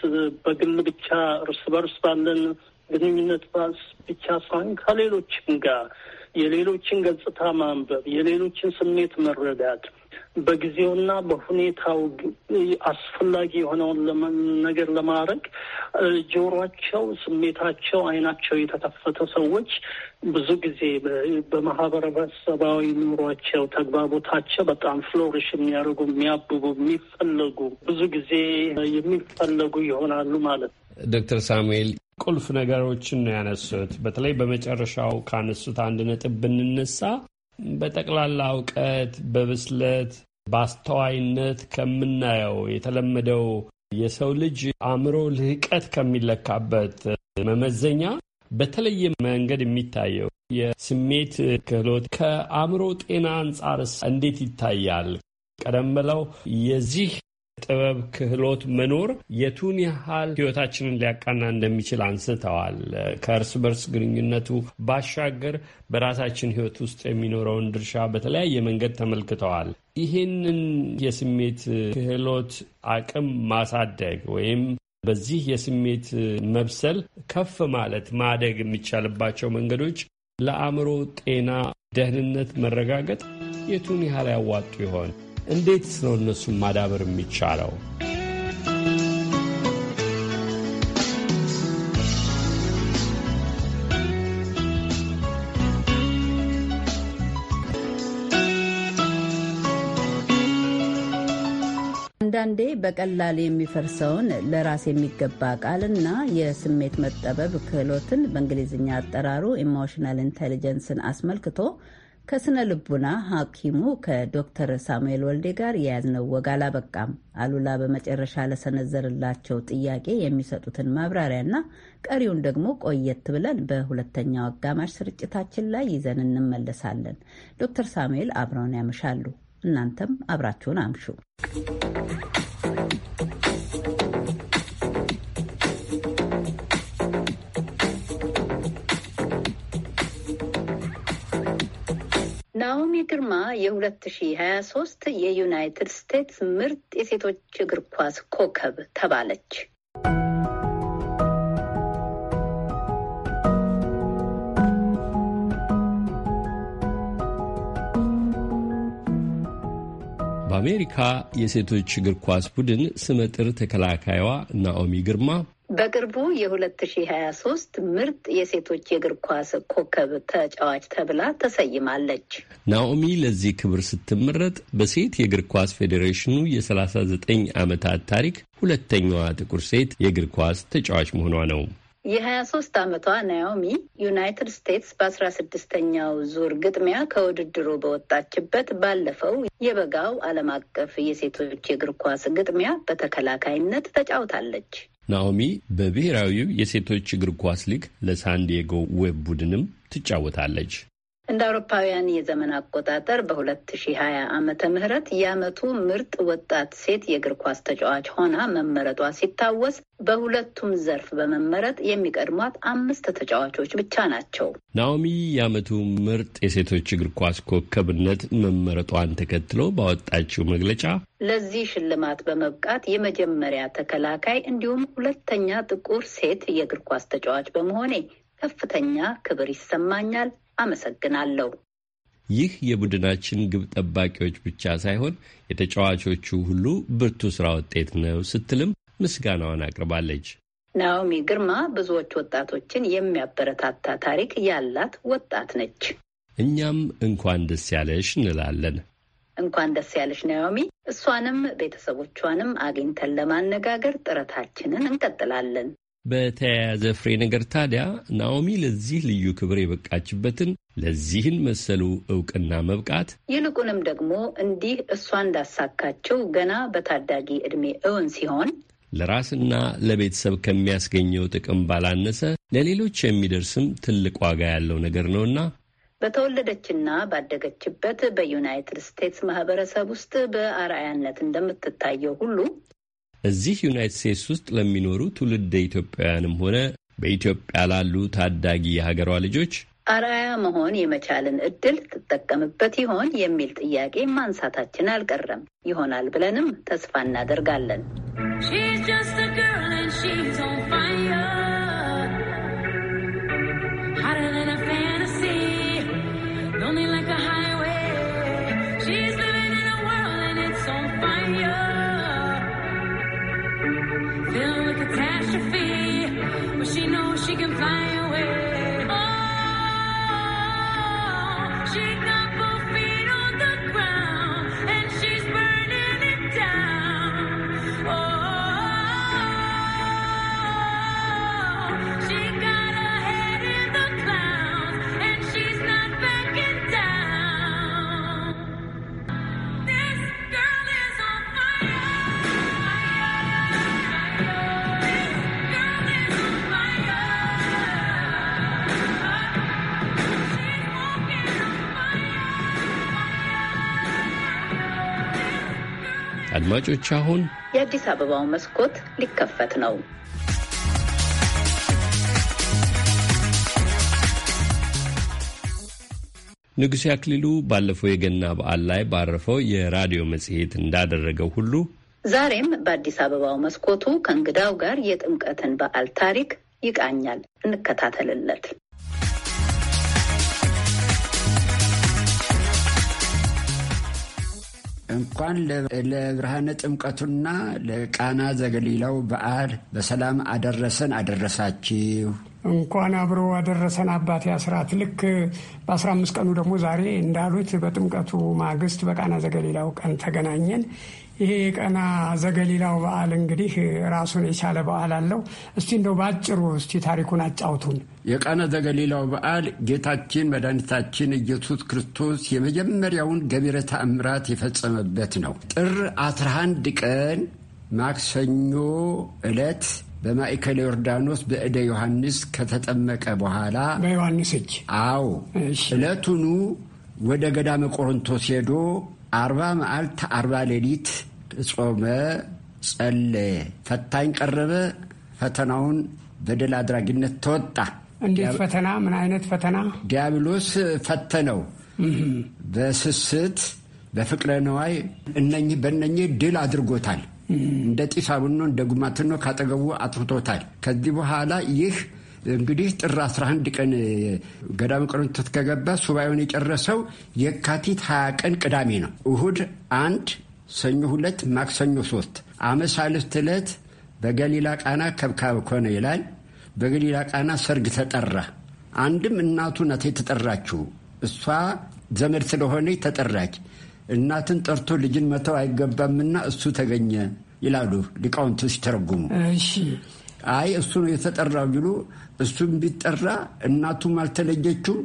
A: በግል ብቻ እርስ በርስ ባለን ግንኙነት ብቻ ሳይሆን ከሌሎችም ጋር የሌሎችን ገጽታ ማንበብ፣ የሌሎችን ስሜት መረዳት በጊዜውና በሁኔታው አስፈላጊ የሆነውን ነገር ለማድረግ ጆሯቸው፣ ስሜታቸው፣ አይናቸው የተከፈተ ሰዎች ብዙ ጊዜ በማህበረሰባዊ ኑሯቸው ተግባቦታቸው በጣም ፍሎሪሽ የሚያደርጉ የሚያብቡ፣ የሚፈለጉ ብዙ ጊዜ የሚፈለጉ ይሆናሉ ማለት
C: ነው። ዶክተር ሳሙኤል ቁልፍ ነገሮችን ነው ያነሱት። በተለይ በመጨረሻው ካነሱት አንድ ነጥብ ብንነሳ በጠቅላላ እውቀት፣ በብስለት፣ በአስተዋይነት ከምናየው የተለመደው የሰው ልጅ አእምሮ ልህቀት ከሚለካበት መመዘኛ በተለየ መንገድ የሚታየው የስሜት ክህሎት ከአእምሮ ጤና አንጻርስ እንዴት ይታያል? ቀደም ብለው የዚህ ጥበብ፣ ክህሎት መኖር የቱን ያህል ህይወታችንን ሊያቃና እንደሚችል አንስተዋል። ከእርስ በርስ ግንኙነቱ ባሻገር በራሳችን ህይወት ውስጥ የሚኖረውን ድርሻ በተለያየ መንገድ ተመልክተዋል። ይህንን የስሜት ክህሎት አቅም ማሳደግ ወይም በዚህ የስሜት መብሰል ከፍ ማለት ማደግ የሚቻልባቸው መንገዶች ለአእምሮ ጤና ደህንነት መረጋገጥ የቱን ያህል ያዋጡ ይሆን? እንዴት ነው እነሱን ማዳበር የሚቻለው?
B: አንዳንዴ በቀላል የሚፈርሰውን ለራስ የሚገባ ቃልና የስሜት መጠበብ ክህሎትን በእንግሊዝኛ አጠራሩ ኢሞሽናል ኢንቴሊጀንስን አስመልክቶ ከስነ ልቡና ሐኪሙ ከዶክተር ሳሙኤል ወልዴ ጋር የያዝነው ወግ አላበቃም። አሉላ በመጨረሻ ለሰነዘርላቸው ጥያቄ የሚሰጡትን ማብራሪያና ቀሪውን ደግሞ ቆየት ብለን በሁለተኛው አጋማሽ ስርጭታችን ላይ ይዘን እንመለሳለን። ዶክተር ሳሙኤል አብረውን ያመሻሉ። እናንተም አብራችሁን አምሹ። ናኦሚ ግርማ የ2023 የዩናይትድ ስቴትስ ምርጥ የሴቶች እግር ኳስ ኮከብ ተባለች።
C: በአሜሪካ የሴቶች እግር ኳስ ቡድን ስመጥር ተከላካይዋ ናኦሚ ግርማ
B: በቅርቡ የ2023 ምርጥ የሴቶች የእግር ኳስ ኮከብ ተጫዋች ተብላ ተሰይማለች።
C: ናኦሚ ለዚህ ክብር ስትመረጥ በሴት የእግር ኳስ ፌዴሬሽኑ የ39 ዓመታት ታሪክ ሁለተኛዋ ጥቁር ሴት የእግር ኳስ ተጫዋች መሆኗ ነው።
B: የ23 ዓመቷ ናኦሚ ዩናይትድ ስቴትስ በ16ኛው ዙር ግጥሚያ ከውድድሩ በወጣችበት ባለፈው የበጋው ዓለም አቀፍ የሴቶች የእግር ኳስ ግጥሚያ በተከላካይነት ተጫውታለች።
C: ናኦሚ በብሔራዊው የሴቶች እግር ኳስ ሊግ ለሳንዲየጎ ዌብ ቡድንም ትጫወታለች።
B: እንደ አውሮፓውያን የዘመን አቆጣጠር በ2020 ዓመተ ምህረት የዓመቱ ምርጥ ወጣት ሴት የእግር ኳስ ተጫዋች ሆና መመረጧ ሲታወስ በሁለቱም ዘርፍ በመመረጥ የሚቀድሟት አምስት ተጫዋቾች ብቻ ናቸው።
C: ናኦሚ የዓመቱ ምርጥ የሴቶች እግር ኳስ ኮከብነት መመረጧን ተከትሎ ባወጣችው መግለጫ
B: ለዚህ ሽልማት በመብቃት የመጀመሪያ ተከላካይ እንዲሁም ሁለተኛ ጥቁር ሴት የእግር ኳስ ተጫዋች በመሆኔ ከፍተኛ ክብር ይሰማኛል አመሰግናለሁ።
C: ይህ የቡድናችን ግብ ጠባቂዎች ብቻ ሳይሆን የተጫዋቾቹ ሁሉ ብርቱ ስራ ውጤት ነው ስትልም ምስጋናዋን አቅርባለች።
B: ናኦሚ ግርማ ብዙዎች ወጣቶችን የሚያበረታታ ታሪክ ያላት ወጣት ነች።
C: እኛም እንኳን ደስ ያለሽ እንላለን።
B: እንኳን ደስ ያለሽ ናኦሚ። እሷንም ቤተሰቦቿንም አግኝተን ለማነጋገር ጥረታችንን እንቀጥላለን።
C: በተያያዘ ፍሬ ነገር ታዲያ ናኦሚ ለዚህ ልዩ ክብር የበቃችበትን ለዚህን መሰሉ እውቅና መብቃት
B: ይልቁንም ደግሞ እንዲህ እሷ እንዳሳካችው ገና በታዳጊ ዕድሜ እውን ሲሆን
C: ለራስና ለቤተሰብ ከሚያስገኘው ጥቅም ባላነሰ ለሌሎች የሚደርስም ትልቅ ዋጋ ያለው ነገር ነውና
B: በተወለደችና ባደገችበት በዩናይትድ ስቴትስ ማህበረሰብ ውስጥ በአርአያነት እንደምትታየው ሁሉ
C: እዚህ ዩናይት ስቴትስ ውስጥ ለሚኖሩ ትውልድ ኢትዮጵያውያንም ሆነ በኢትዮጵያ ላሉ ታዳጊ
B: የሀገሯ ልጆች አርአያ መሆን የመቻልን እድል ትጠቀምበት ይሆን የሚል ጥያቄ ማንሳታችን አልቀረም። ይሆናል ብለንም ተስፋ እናደርጋለን።
C: አድማጮች፣ አሁን
B: የአዲስ አበባው መስኮት ሊከፈት ነው።
C: ንጉሴ አክሊሉ ባለፈው የገና በዓል ላይ ባረፈው የራዲዮ መጽሔት እንዳደረገው ሁሉ
B: ዛሬም በአዲስ አበባው መስኮቱ ከእንግዳው ጋር የጥምቀትን በዓል ታሪክ ይቃኛል። እንከታተልለት።
H: እንኳን ለብርሃነ ጥምቀቱና ለቃና ዘገሊላው በዓል በሰላም አደረሰን አደረሳችሁ። እንኳን አብሮ አደረሰን አባቴ አስራት። ልክ በአስራ 15 ቀኑ ደግሞ ዛሬ እንዳሉት በጥምቀቱ ማግስት በቃና ዘገሊላው ቀን ተገናኘን። ይሄ የቀና ዘገሊላው በዓል እንግዲህ ራሱን የቻለ በዓል አለው። እስቲ እንደው በአጭሩ እስቲ ታሪኩን አጫውቱን። የቀና ዘገሊላው በዓል ጌታችን መድኃኒታችን ኢየሱስ ክርስቶስ የመጀመሪያውን ገቢረ ተአምራት የፈጸመበት ነው። ጥር 11 ቀን ማክሰኞ ዕለት በማዕከል ዮርዳኖስ በእደ ዮሐንስ ከተጠመቀ በኋላ በዮሐንስ እጅ አዎ፣ ዕለቱኑ ወደ ገዳመ ቆሮንቶስ ሄዶ አርባ መዓልት አርባ ሌሊት ጾመ፣ ጸለየ፣ ፈታኝ ቀረበ፣ ፈተናውን በድል አድራጊነት ተወጣ። እንዴት ፈተና? ምን አይነት ፈተና? ዲያብሎስ ፈተነው በስስት በፍቅረ ነዋይ። እነኚህ በእነኚህ ድል አድርጎታል። እንደ ጢስ አቡኖ እንደ ጉማትኖ ካጠገቡ አጥፍቶታል። ከዚህ በኋላ ይህ እንግዲህ ጥር 11 ቀን ገዳመ ቆሮንቶስ ከገባ ሱባኤውን የጨረሰው የካቲት 20 ቀን ቅዳሜ ነው። እሁድ አንድ ሰኞ ሁለት ማክሰኞ ሶስት አመሳልፍት ዕለት በገሊላ ቃና ከብካብ ኮነ ይላል። በገሊላ ቃና ሰርግ ተጠራ። አንድም እናቱ ናት የተጠራችው። እሷ ዘመድ ስለሆነ ተጠራች። እናትን ጠርቶ ልጅን መተው አይገባምና እሱ ተገኘ ይላሉ ሊቃውንት ሲተረጉሙ። አይ እሱ ነው የተጠራው ቢሉ እሱም ቢጠራ እናቱም አልተለየችው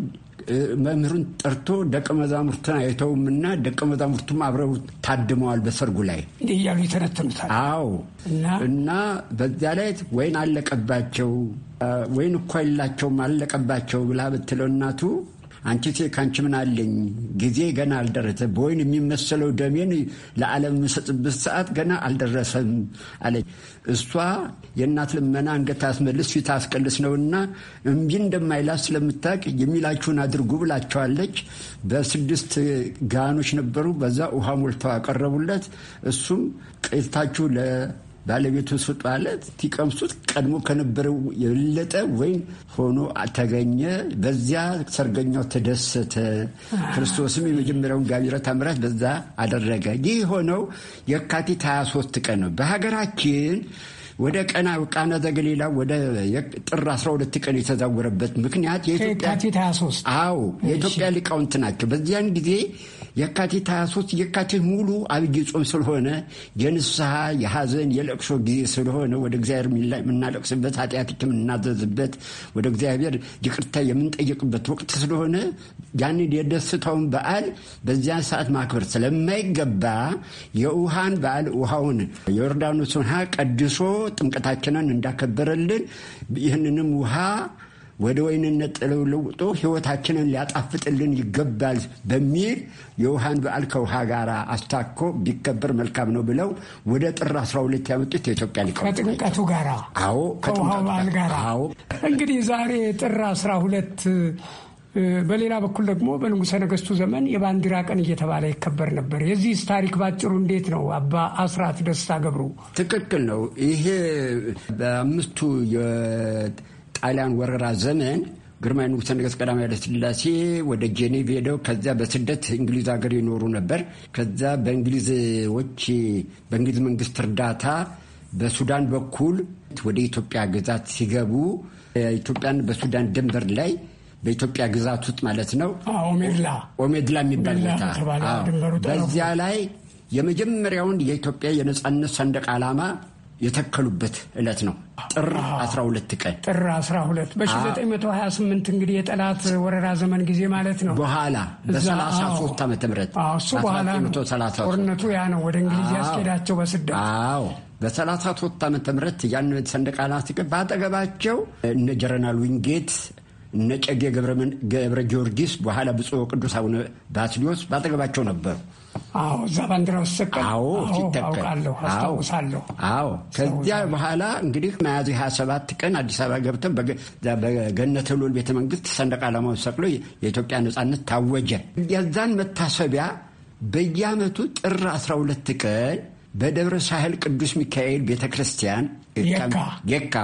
H: መምህሩን ጠርቶ ደቀ መዛሙርትን አይተውምና ደቀ መዛሙርቱም አብረው ታድመዋል በሰርጉ ላይ እያሉ ይተነትኑታል። አዎ እና በዚያ ላይ ወይን አለቀባቸው ወይን እኮ የላቸውም አለቀባቸው ብላ ብትለው እናቱ አንቺ ሴ ካንቺ ምን አለኝ ጊዜ ገና አልደረሰ በወይን የሚመሰለው ደሜን ለዓለም የምሰጥበት ሰዓት ገና አልደረሰም አለኝ። እሷ የእናት ልመና አንገት አስመልስ ፊት አስቀልስ ነውና እምቢ እንደማይላት ስለምታውቅ የሚላችሁን አድርጉ ብላቸዋለች። በስድስት ጋኖች ነበሩ። በዛ ውሃ ሞልተው አቀረቡለት። እሱም ቄታችሁ ባለቤቱን ስጥ ማለት ቲቀምሱት ቀድሞ ከነበረው የበለጠ ወይም ሆኖ ተገኘ። በዚያ ሰርገኛው ተደሰተ። ክርስቶስም የመጀመሪያውን ጋቢረ ተአምራት በዛ አደረገ። ይህ ሆነው የካቲት 23 ቀን ነው። በሀገራችን ወደ ቀና ቃና ዘገሊላ ወደ ጥር 12 ቀን የተዛወረበት ምክንያት የኢትዮጵያ ሊቃውንት ናቸው። በዚያን ጊዜ የካቲት 23 የካቲት ሙሉ አብይ ጾም ስለሆነ የንስሐ የሐዘን የለቅሶ ጊዜ ስለሆነ ወደ እግዚአብሔር የምናለቅስበት ኃጢአት የምናዘዝበት ወደ እግዚአብሔር ይቅርታ የምንጠይቅበት ወቅት ስለሆነ ያንን የደስታውን በዓል በዚያ ሰዓት ማክበር ስለማይገባ የውሃን በዓል ውሃውን የዮርዳኖስ ውሃ ቀድሶ ጥምቀታችንን እንዳከበረልን ይህንንም ውሃ ወደ ወይንነት ጥለው ለውጦ ሕይወታችንን ሊያጣፍጥልን ይገባል በሚል የውሃን በዓል ከውሃ ጋር አስታኮ ቢከበር መልካም ነው ብለው ወደ ጥር 12 ያመጡት የኢትዮጵያ ሊቃውንት ከጥምቀቱ ጋር አዎ፣ ከውሃ በዓል ጋር አዎ። እንግዲህ ዛሬ ጥር 12 በሌላ በኩል ደግሞ በንጉሠ ነገሥቱ ዘመን የባንዲራ ቀን እየተባለ ይከበር ነበር። የዚህ ታሪክ ባጭሩ እንዴት ነው? አባ አስራት ደስታ ገብሩ። ትክክል ነው። ይሄ በአምስቱ በጣሊያን ወረራ ዘመን ግርማዊ ንጉሠ ነገሥት ቀዳማዊ ኃይለ ሥላሴ ወደ ጄኔቭ ሄደው ከዚያ በስደት እንግሊዝ ሀገር ይኖሩ ነበር። ከዛ በእንግሊዝዎች በእንግሊዝ መንግስት እርዳታ በሱዳን በኩል ወደ ኢትዮጵያ ግዛት ሲገቡ ኢትዮጵያን በሱዳን ድንበር ላይ በኢትዮጵያ ግዛት ውስጥ ማለት ነው ኦሜድላ ኦሜድላ የሚባል ቦታ በዚያ ላይ የመጀመሪያውን የኢትዮጵያ የነጻነት ሰንደቅ ዓላማ የተከሉበት ዕለት ነው። ጥር 12 ቀን ጥር 12 በ1928 እንግዲህ የጠላት ወረራ ዘመን ጊዜ ማለት ነው። በኋላ በ33 ዓ ምህረት እሱ በኋላ ጦርነቱ ያ ነው ወደ እንግሊዝ ያስኬዳቸው በስደት በ33 ዓመተ ምህረት ያን ሰንደቅ ዓላማ በአጠገባቸው እነ ጀረናል ዊንጌት እነ ጨጌ ገብረ ጊዮርጊስ በኋላ ብፁዕ ቅዱስ አቡነ ባስልዮስ በአጠገባቸው ነበሩ። አዎ እዛ ባንዲራ ውስጥ ሰቀል። አስታውሳለሁ። አዎ ከዚያ በኋላ እንግዲህ ሚያዝያ 27 ቀን አዲስ አበባ ገብተን በገነት ሉል ቤተ መንግስት ሰንደቅ ዓላማውን ሰቅሎ የኢትዮጵያ ነፃነት ታወጀ። የዛን መታሰቢያ በየአመቱ ጥር 12 ቀን በደብረ ሳህል ቅዱስ ሚካኤል ቤተ ክርስቲያን የካ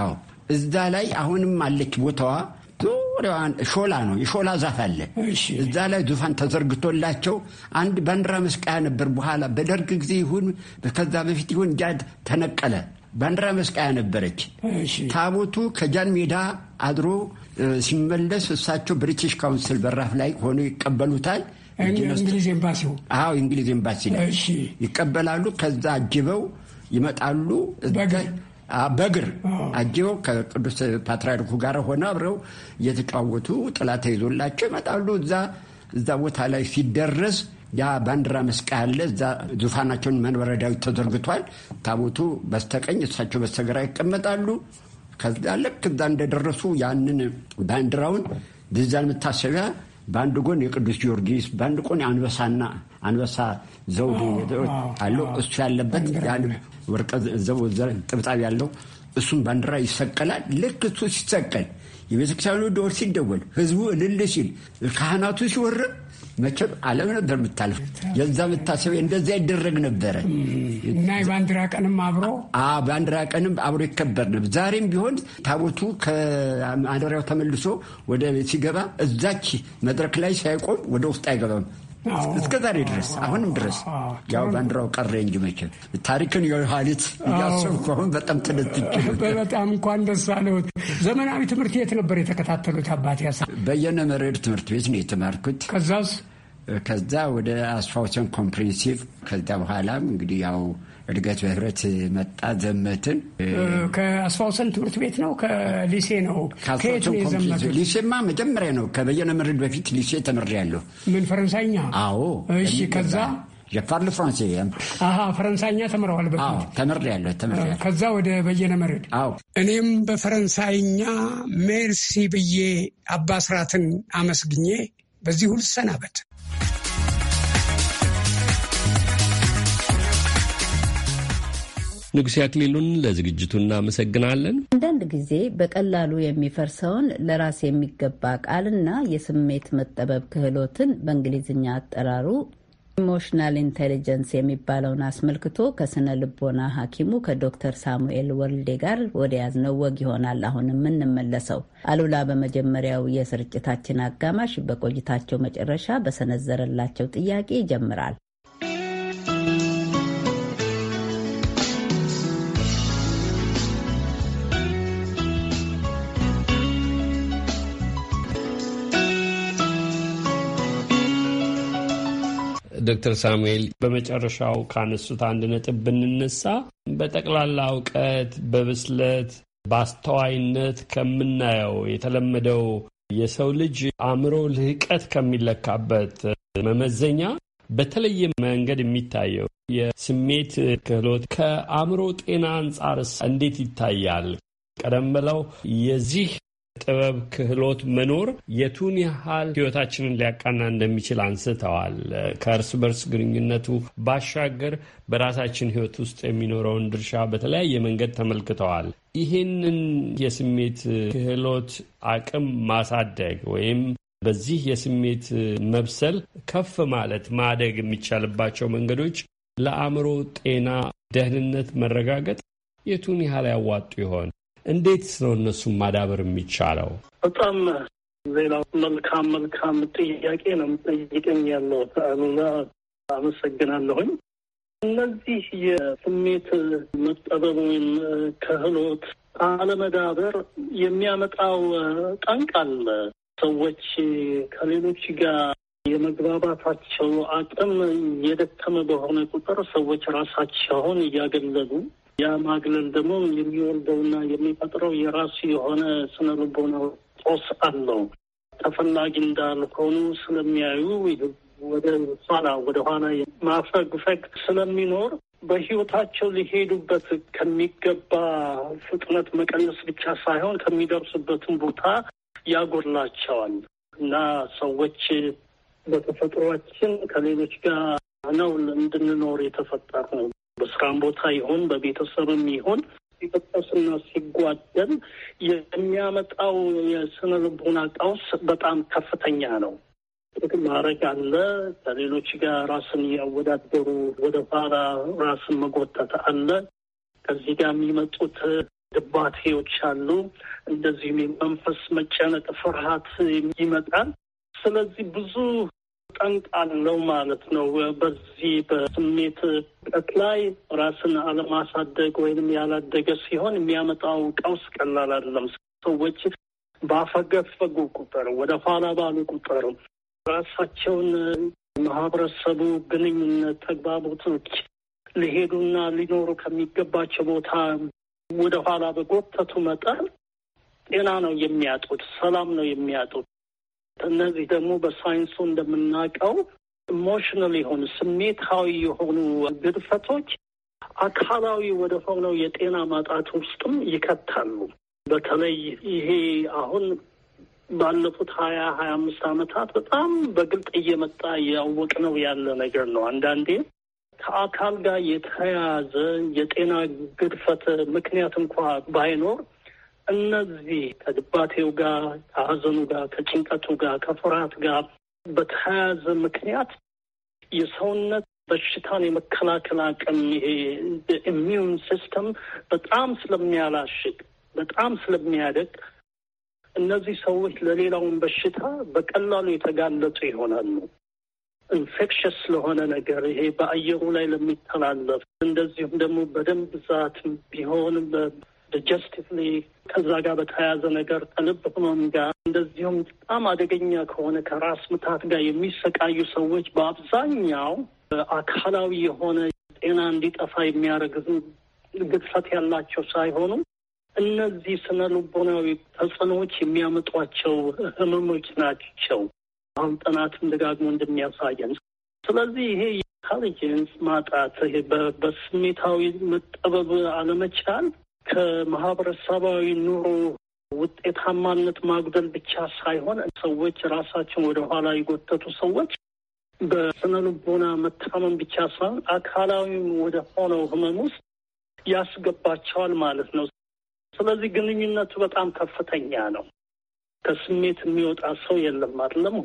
H: እዛ ላይ አሁንም አለች ቦታዋ ዙሪያዋን ሾላ ነው፣ የሾላ ዛፍ አለ። እዛ ላይ ዙፋን ተዘርግቶላቸው አንድ ባንዲራ መስቀያ ነበር። በኋላ በደርግ ጊዜ ይሁን ከዛ በፊት ይሁን ጃድ ተነቀለ። ባንዲራ መስቀያ ነበረች። ታቦቱ ከጃን ሜዳ አድሮ ሲመለስ እሳቸው ብሪቲሽ ካውንስል በራፍ ላይ ሆኖ ይቀበሉታል። እንግሊዝ ኤምባሲ አዎ፣ እንግሊዝ ኤምባሲ ላይ ይቀበላሉ። ከዛ አጅበው ይመጣሉ። በእግር አጀው ከቅዱስ ፓትርያርኩ ጋር ሆነ አብረው እየተጫወቱ ጥላት ይዞላቸው ይመጣሉ። እዛ እዛ ቦታ ላይ ሲደረስ ያ ባንዲራ መስቀያ ያለ እዛ ዙፋናቸውን መንበረ ዳዊት ተዘርግቷል። ታቦቱ በስተቀኝ እሳቸው በስተግራ ይቀመጣሉ። ከዛ ልክ እዛ እንደደረሱ ያንን ባንዲራውን ድዛን መታሰቢያ በአንድ ጎን የቅዱስ ጊዮርጊስ በአንድ ጎን የአንበሳና አንበሳ ዘውድ አለው እሱ ያለበት ጥብጣብ ያለው እሱም ባንዲራ ይሰቀላል። ልክ እሱ ሲሰቀል የቤተክርስቲያኑ ደወል ሲደወል ህዝቡ እልል ሲል ካህናቱ ሲወርም መቼም ዓለም ነበር የምታልፍ የዛ መታሰቢያ እንደዚያ ይደረግ ነበረ እና የባንዲራ ቀንም አብሮ ባንዲራ ቀንም አብሮ ይከበር ነበር። ዛሬም ቢሆን ታቦቱ ከማደሪያው ተመልሶ ወደ ሲገባ እዛች መድረክ ላይ ሳይቆም ወደ ውስጥ አይገባም። እስከ ዛሬ ድረስ አሁንም ድረስ ያው ባንዲራው ቀረ እንጂ መቼም ታሪክን የዮሐንስ እያሰብኩ አሁን በጣም በጣም እንኳን ደስ አለዎት። ዘመናዊ ትምህርት የት ነበር የተከታተሉት አባት ያሳ በየነ መሬድ ትምህርት ቤት ነው የተማርኩት። ከዛስ ከዛ ወደ አስፋውተን ኮምፕሬንሲቭ ከዛ በኋላም እንግዲህ ያው እድገት በህብረት መጣ ዘመትን። ከአስፋውሰን ትምህርት ቤት ነው ከሊሴ ነው ከየት ነው የዘመቱት? ሊሴማ መጀመሪያ ነው። ከበየነ መርድ በፊት ሊሴ ተምሬያለሁ። ምን ፈረንሳይኛ? አዎ። እሺ። ከዛ የፓርል ፍራንሴ ፈረንሳይኛ ተምረዋል። ተምሬያለሁ ተምሬያለሁ። ከዛ ወደ በየነ መርድ። አዎ። እኔም በፈረንሳይኛ ሜርሲ ብዬ አባስራትን አመስግኜ በዚህ ሁል ሰናበት
C: ንጉሴ አክሊሉን ለዝግጅቱ እናመሰግናለን።
B: አንዳንድ ጊዜ በቀላሉ የሚፈርሰውን ለራስ የሚገባ ቃልና የስሜት መጠበብ ክህሎትን በእንግሊዝኛ አጠራሩ ኢሞሽናል ኢንቴሊጀንስ የሚባለውን አስመልክቶ ከስነ ልቦና ሐኪሙ ከዶክተር ሳሙኤል ወልዴ ጋር ወደ ያዝነው ወግ ይሆናል አሁን የምንመለሰው። አሉላ በመጀመሪያው የስርጭታችን አጋማሽ በቆይታቸው መጨረሻ በሰነዘረላቸው ጥያቄ ይጀምራል።
C: ዶክተር ሳሙኤል በመጨረሻው ካነሱት አንድ ነጥብ ብንነሳ በጠቅላላ እውቀት፣ በብስለት፣ በአስተዋይነት ከምናየው የተለመደው የሰው ልጅ አእምሮ ልህቀት ከሚለካበት መመዘኛ በተለየ መንገድ የሚታየው የስሜት ክህሎት ከአእምሮ ጤና አንጻርስ እንዴት ይታያል? ቀደም ብለው የዚህ ጥበብ፣ ክህሎት መኖር የቱን ያህል ህይወታችንን ሊያቃና እንደሚችል አንስተዋል። ከእርስ በርስ ግንኙነቱ ባሻገር በራሳችን ህይወት ውስጥ የሚኖረውን ድርሻ በተለያየ መንገድ ተመልክተዋል። ይህንን የስሜት ክህሎት አቅም ማሳደግ ወይም በዚህ የስሜት መብሰል ከፍ ማለት ማደግ የሚቻልባቸው መንገዶች ለአእምሮ ጤና ደህንነት መረጋገጥ የቱን ያህል ያዋጡ ይሆን? እንዴትስ ነው እነሱን ማዳበር የሚቻለው?
A: በጣም ሌላው መልካም መልካም ጥያቄ ነው የምጠይቀኝ ያለው አሉላ፣ አመሰግናለሁኝ። እነዚህ የስሜት መጠበብ ወይም ክህሎት አለመዳበር የሚያመጣው ጠንቅ አለ። ሰዎች ከሌሎች ጋር የመግባባታቸው አቅም የደከመ በሆነ ቁጥር ሰዎች ራሳቸውን እያገለሉ ያ ማግለል ደግሞ የሚወልደውና የሚፈጥረው የራሱ የሆነ ስነ ልቦና ጦስ አለው። ተፈላጊ እንዳልሆኑ ስለሚያዩ ወደ ኋላ ወደ ኋላ ማፈግፈግ ስለሚኖር በህይወታቸው ሊሄዱበት ከሚገባ ፍጥነት መቀነስ ብቻ ሳይሆን ከሚደርሱበትን ቦታ ያጎላቸዋል። እና ሰዎች በተፈጥሯችን ከሌሎች ጋር ነው እንድንኖር የተፈጠር ነው። በስራም ቦታ ይሆን በቤተሰብም ይሆን ሲጠቀስና ሲጓደል የሚያመጣው የስነ ልቦና ቀውስ በጣም ከፍተኛ ነው። ማድረግ አለ። ከሌሎች ጋር ራስን እያወዳደሩ ወደ ኋላ ራስን መጎተት አለ። ከዚህ ጋር የሚመጡት ድባቴዎች አሉ። እንደዚሁም የመንፈስ መጨነቅ፣ ፍርሃት ይመጣል። ስለዚህ ብዙ ጠንቅ አለው ማለት ነው። በዚህ በስሜት ቀት ላይ ራስን አለማሳደግ ወይንም ያላደገ ሲሆን የሚያመጣው ቀውስ ቀላል አይደለም። ሰዎች ባፈገፈጉ ቁጥር፣ ወደ ኋላ ባሉ ቁጥር ራሳቸውን ማህበረሰቡ ግንኙነት ተግባቦቶች ሊሄዱና ሊኖሩ ከሚገባቸው ቦታ ወደ ኋላ በጎተቱ መጠን ጤና ነው የሚያጡት፣ ሰላም ነው የሚያጡት። እነዚህ ደግሞ በሳይንሱ እንደምናውቀው ኢሞሽናል የሆኑ ስሜታዊ የሆኑ ግድፈቶች አካላዊ ወደ ሆነው የጤና ማጣት ውስጥም ይከታሉ። በተለይ ይሄ አሁን ባለፉት ሀያ ሀያ አምስት ዓመታት በጣም በግልጥ እየመጣ እያወቅ ነው ያለ ነገር ነው። አንዳንዴ ከአካል ጋር የተያያዘ የጤና ግድፈት ምክንያት እንኳ ባይኖር እነዚህ ከድባቴው ጋር ከሀዘኑ ጋር ከጭንቀቱ ጋር ከፍርሃት ጋር በተያያዘ ምክንያት የሰውነት በሽታን የመከላከል አቅም ይሄ ኢሚዩን ሲስተም በጣም ስለሚያላሽቅ በጣም ስለሚያደግ እነዚህ ሰዎች ለሌላውን በሽታ በቀላሉ የተጋለጡ ይሆናሉ። ኢንፌክሽስ ስለሆነ ነገር ይሄ በአየሩ ላይ ለሚተላለፍ እንደዚሁም ደግሞ በደም ብዛት ቢሆን ጀስቲስ ከዛ ጋር በተያያዘ ነገር ከልብ ህመም ጋር እንደዚሁም በጣም አደገኛ ከሆነ ከራስ ምታት ጋር የሚሰቃዩ ሰዎች በአብዛኛው አካላዊ የሆነ ጤና እንዲጠፋ የሚያደርግ ግድፈት ያላቸው ሳይሆኑ እነዚህ ስነ ልቦናዊ ተጽዕኖዎች የሚያመጧቸው ህመሞች ናቸው። አሁን ጥናትም ደጋግሞ እንደሚያሳየን ስለዚህ ይሄ ኢንቴሊጀንስ ማጣት በስሜታዊ መጠበብ አለመቻል ከማህበረሰባዊ ኑሮ ውጤታማነት ማጉደል ብቻ ሳይሆን ሰዎች ራሳቸውን ወደኋላ የጎተቱ ሰዎች በስነ ልቦና መታመም ብቻ ሳይሆን አካላዊም ወደ ሆነው ህመም ውስጥ ያስገባቸዋል ማለት ነው። ስለዚህ ግንኙነቱ በጣም ከፍተኛ ነው። ከስሜት የሚወጣ ሰው የለም አይደለም።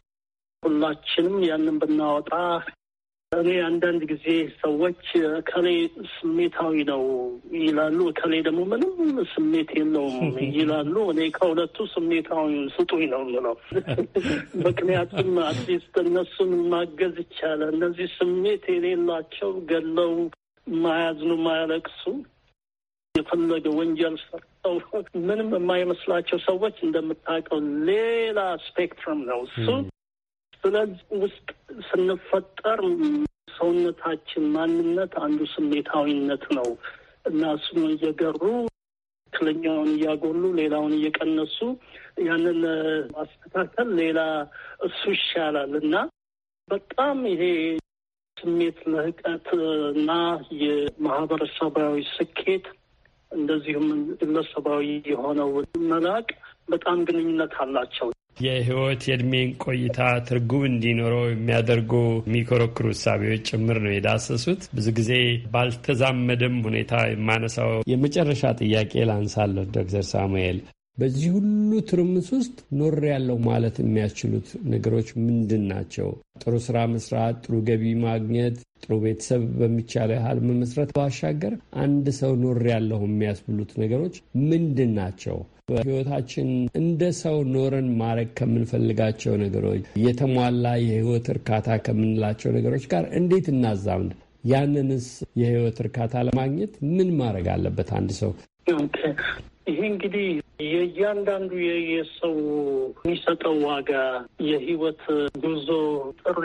A: ሁላችንም ያንን ብናወጣ እኔ አንዳንድ ጊዜ ሰዎች እከሌ ስሜታዊ ነው ይላሉ፣ እከሌ ደግሞ ምንም ስሜት የለውም [laughs] ይላሉ። እኔ ከሁለቱ ስሜታዊ ስጡኝ ነው የምለው። [laughs] ምክንያቱም አትሊስት እነሱን ማገዝ ይቻላል። እነዚህ ስሜት የሌላቸው ገለው ማያዝኑ ማያለቅሱ የፈለገ ወንጀል ሰርተው [laughs] ምንም የማይመስላቸው ሰዎች እንደምታውቀው ሌላ ስፔክትረም ነው እሱ ስለዚህ ውስጥ ስንፈጠር ሰውነታችን ማንነት አንዱ ስሜታዊነት ነው እና እሱን እየገሩ ትክክለኛውን እያጎሉ ሌላውን እየቀነሱ ያንን ማስተካከል ሌላ እሱ ይሻላል እና በጣም ይሄ ስሜት ልህቀት እና የማህበረሰባዊ ስኬት እንደዚሁም ግለሰባዊ የሆነው መላቅ በጣም ግንኙነት አላቸው።
C: የህይወት የእድሜን ቆይታ ትርጉም እንዲኖረው የሚያደርጉ የሚኮረክሩ እሳቤዎች ጭምር ነው የዳሰሱት። ብዙ ጊዜ ባልተዛመደም ሁኔታ የማነሳው የመጨረሻ ጥያቄ ላንሳለሁ ዶክተር ሳሙኤል በዚህ ሁሉ ትርምስ ውስጥ ኖር ያለው ማለት የሚያስችሉት ነገሮች ምንድን ናቸው? ጥሩ ስራ መስራት፣ ጥሩ ገቢ ማግኘት፣ ጥሩ ቤተሰብ በሚቻለ ያህል መመስረት ባሻገር አንድ ሰው ኖር ያለው የሚያስብሉት ነገሮች ምንድን ናቸው? በህይወታችን እንደ ሰው ኖረን ማድረግ ከምንፈልጋቸው ነገሮች የተሟላ የህይወት እርካታ ከምንላቸው ነገሮች ጋር እንዴት እናዛምድ? ያንንስ የህይወት እርካታ ለማግኘት ምን ማድረግ አለበት አንድ ሰው?
A: ይሄ እንግዲህ የእያንዳንዱ የየሰው የሚሰጠው ዋጋ የህይወት ጉዞ ጥሪ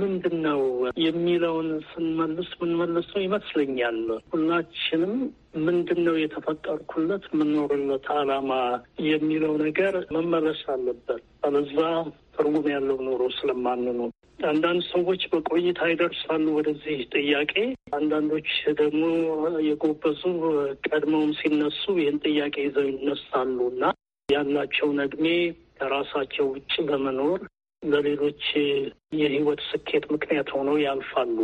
A: ምንድን ነው የሚለውን ስንመልስ ምንመልሰው ይመስለኛል። ሁላችንም ምንድን ነው የተፈጠርኩለት ምኖርለት አላማ የሚለው ነገር መመለስ አለበት። አለዛ ትርጉም ያለው ኑሮ ስለማንኖር አንዳንድ ሰዎች በቆይታ ይደርሳሉ ወደዚህ ጥያቄ። አንዳንዶች ደግሞ የጎበዙ ቀድመውም ሲነሱ ይህን ጥያቄ ይዘው ይነሳሉ እና ያላቸውን እድሜ ከራሳቸው ውጭ በመኖር ለሌሎች የህይወት ስኬት ምክንያት ሆነው ያልፋሉ።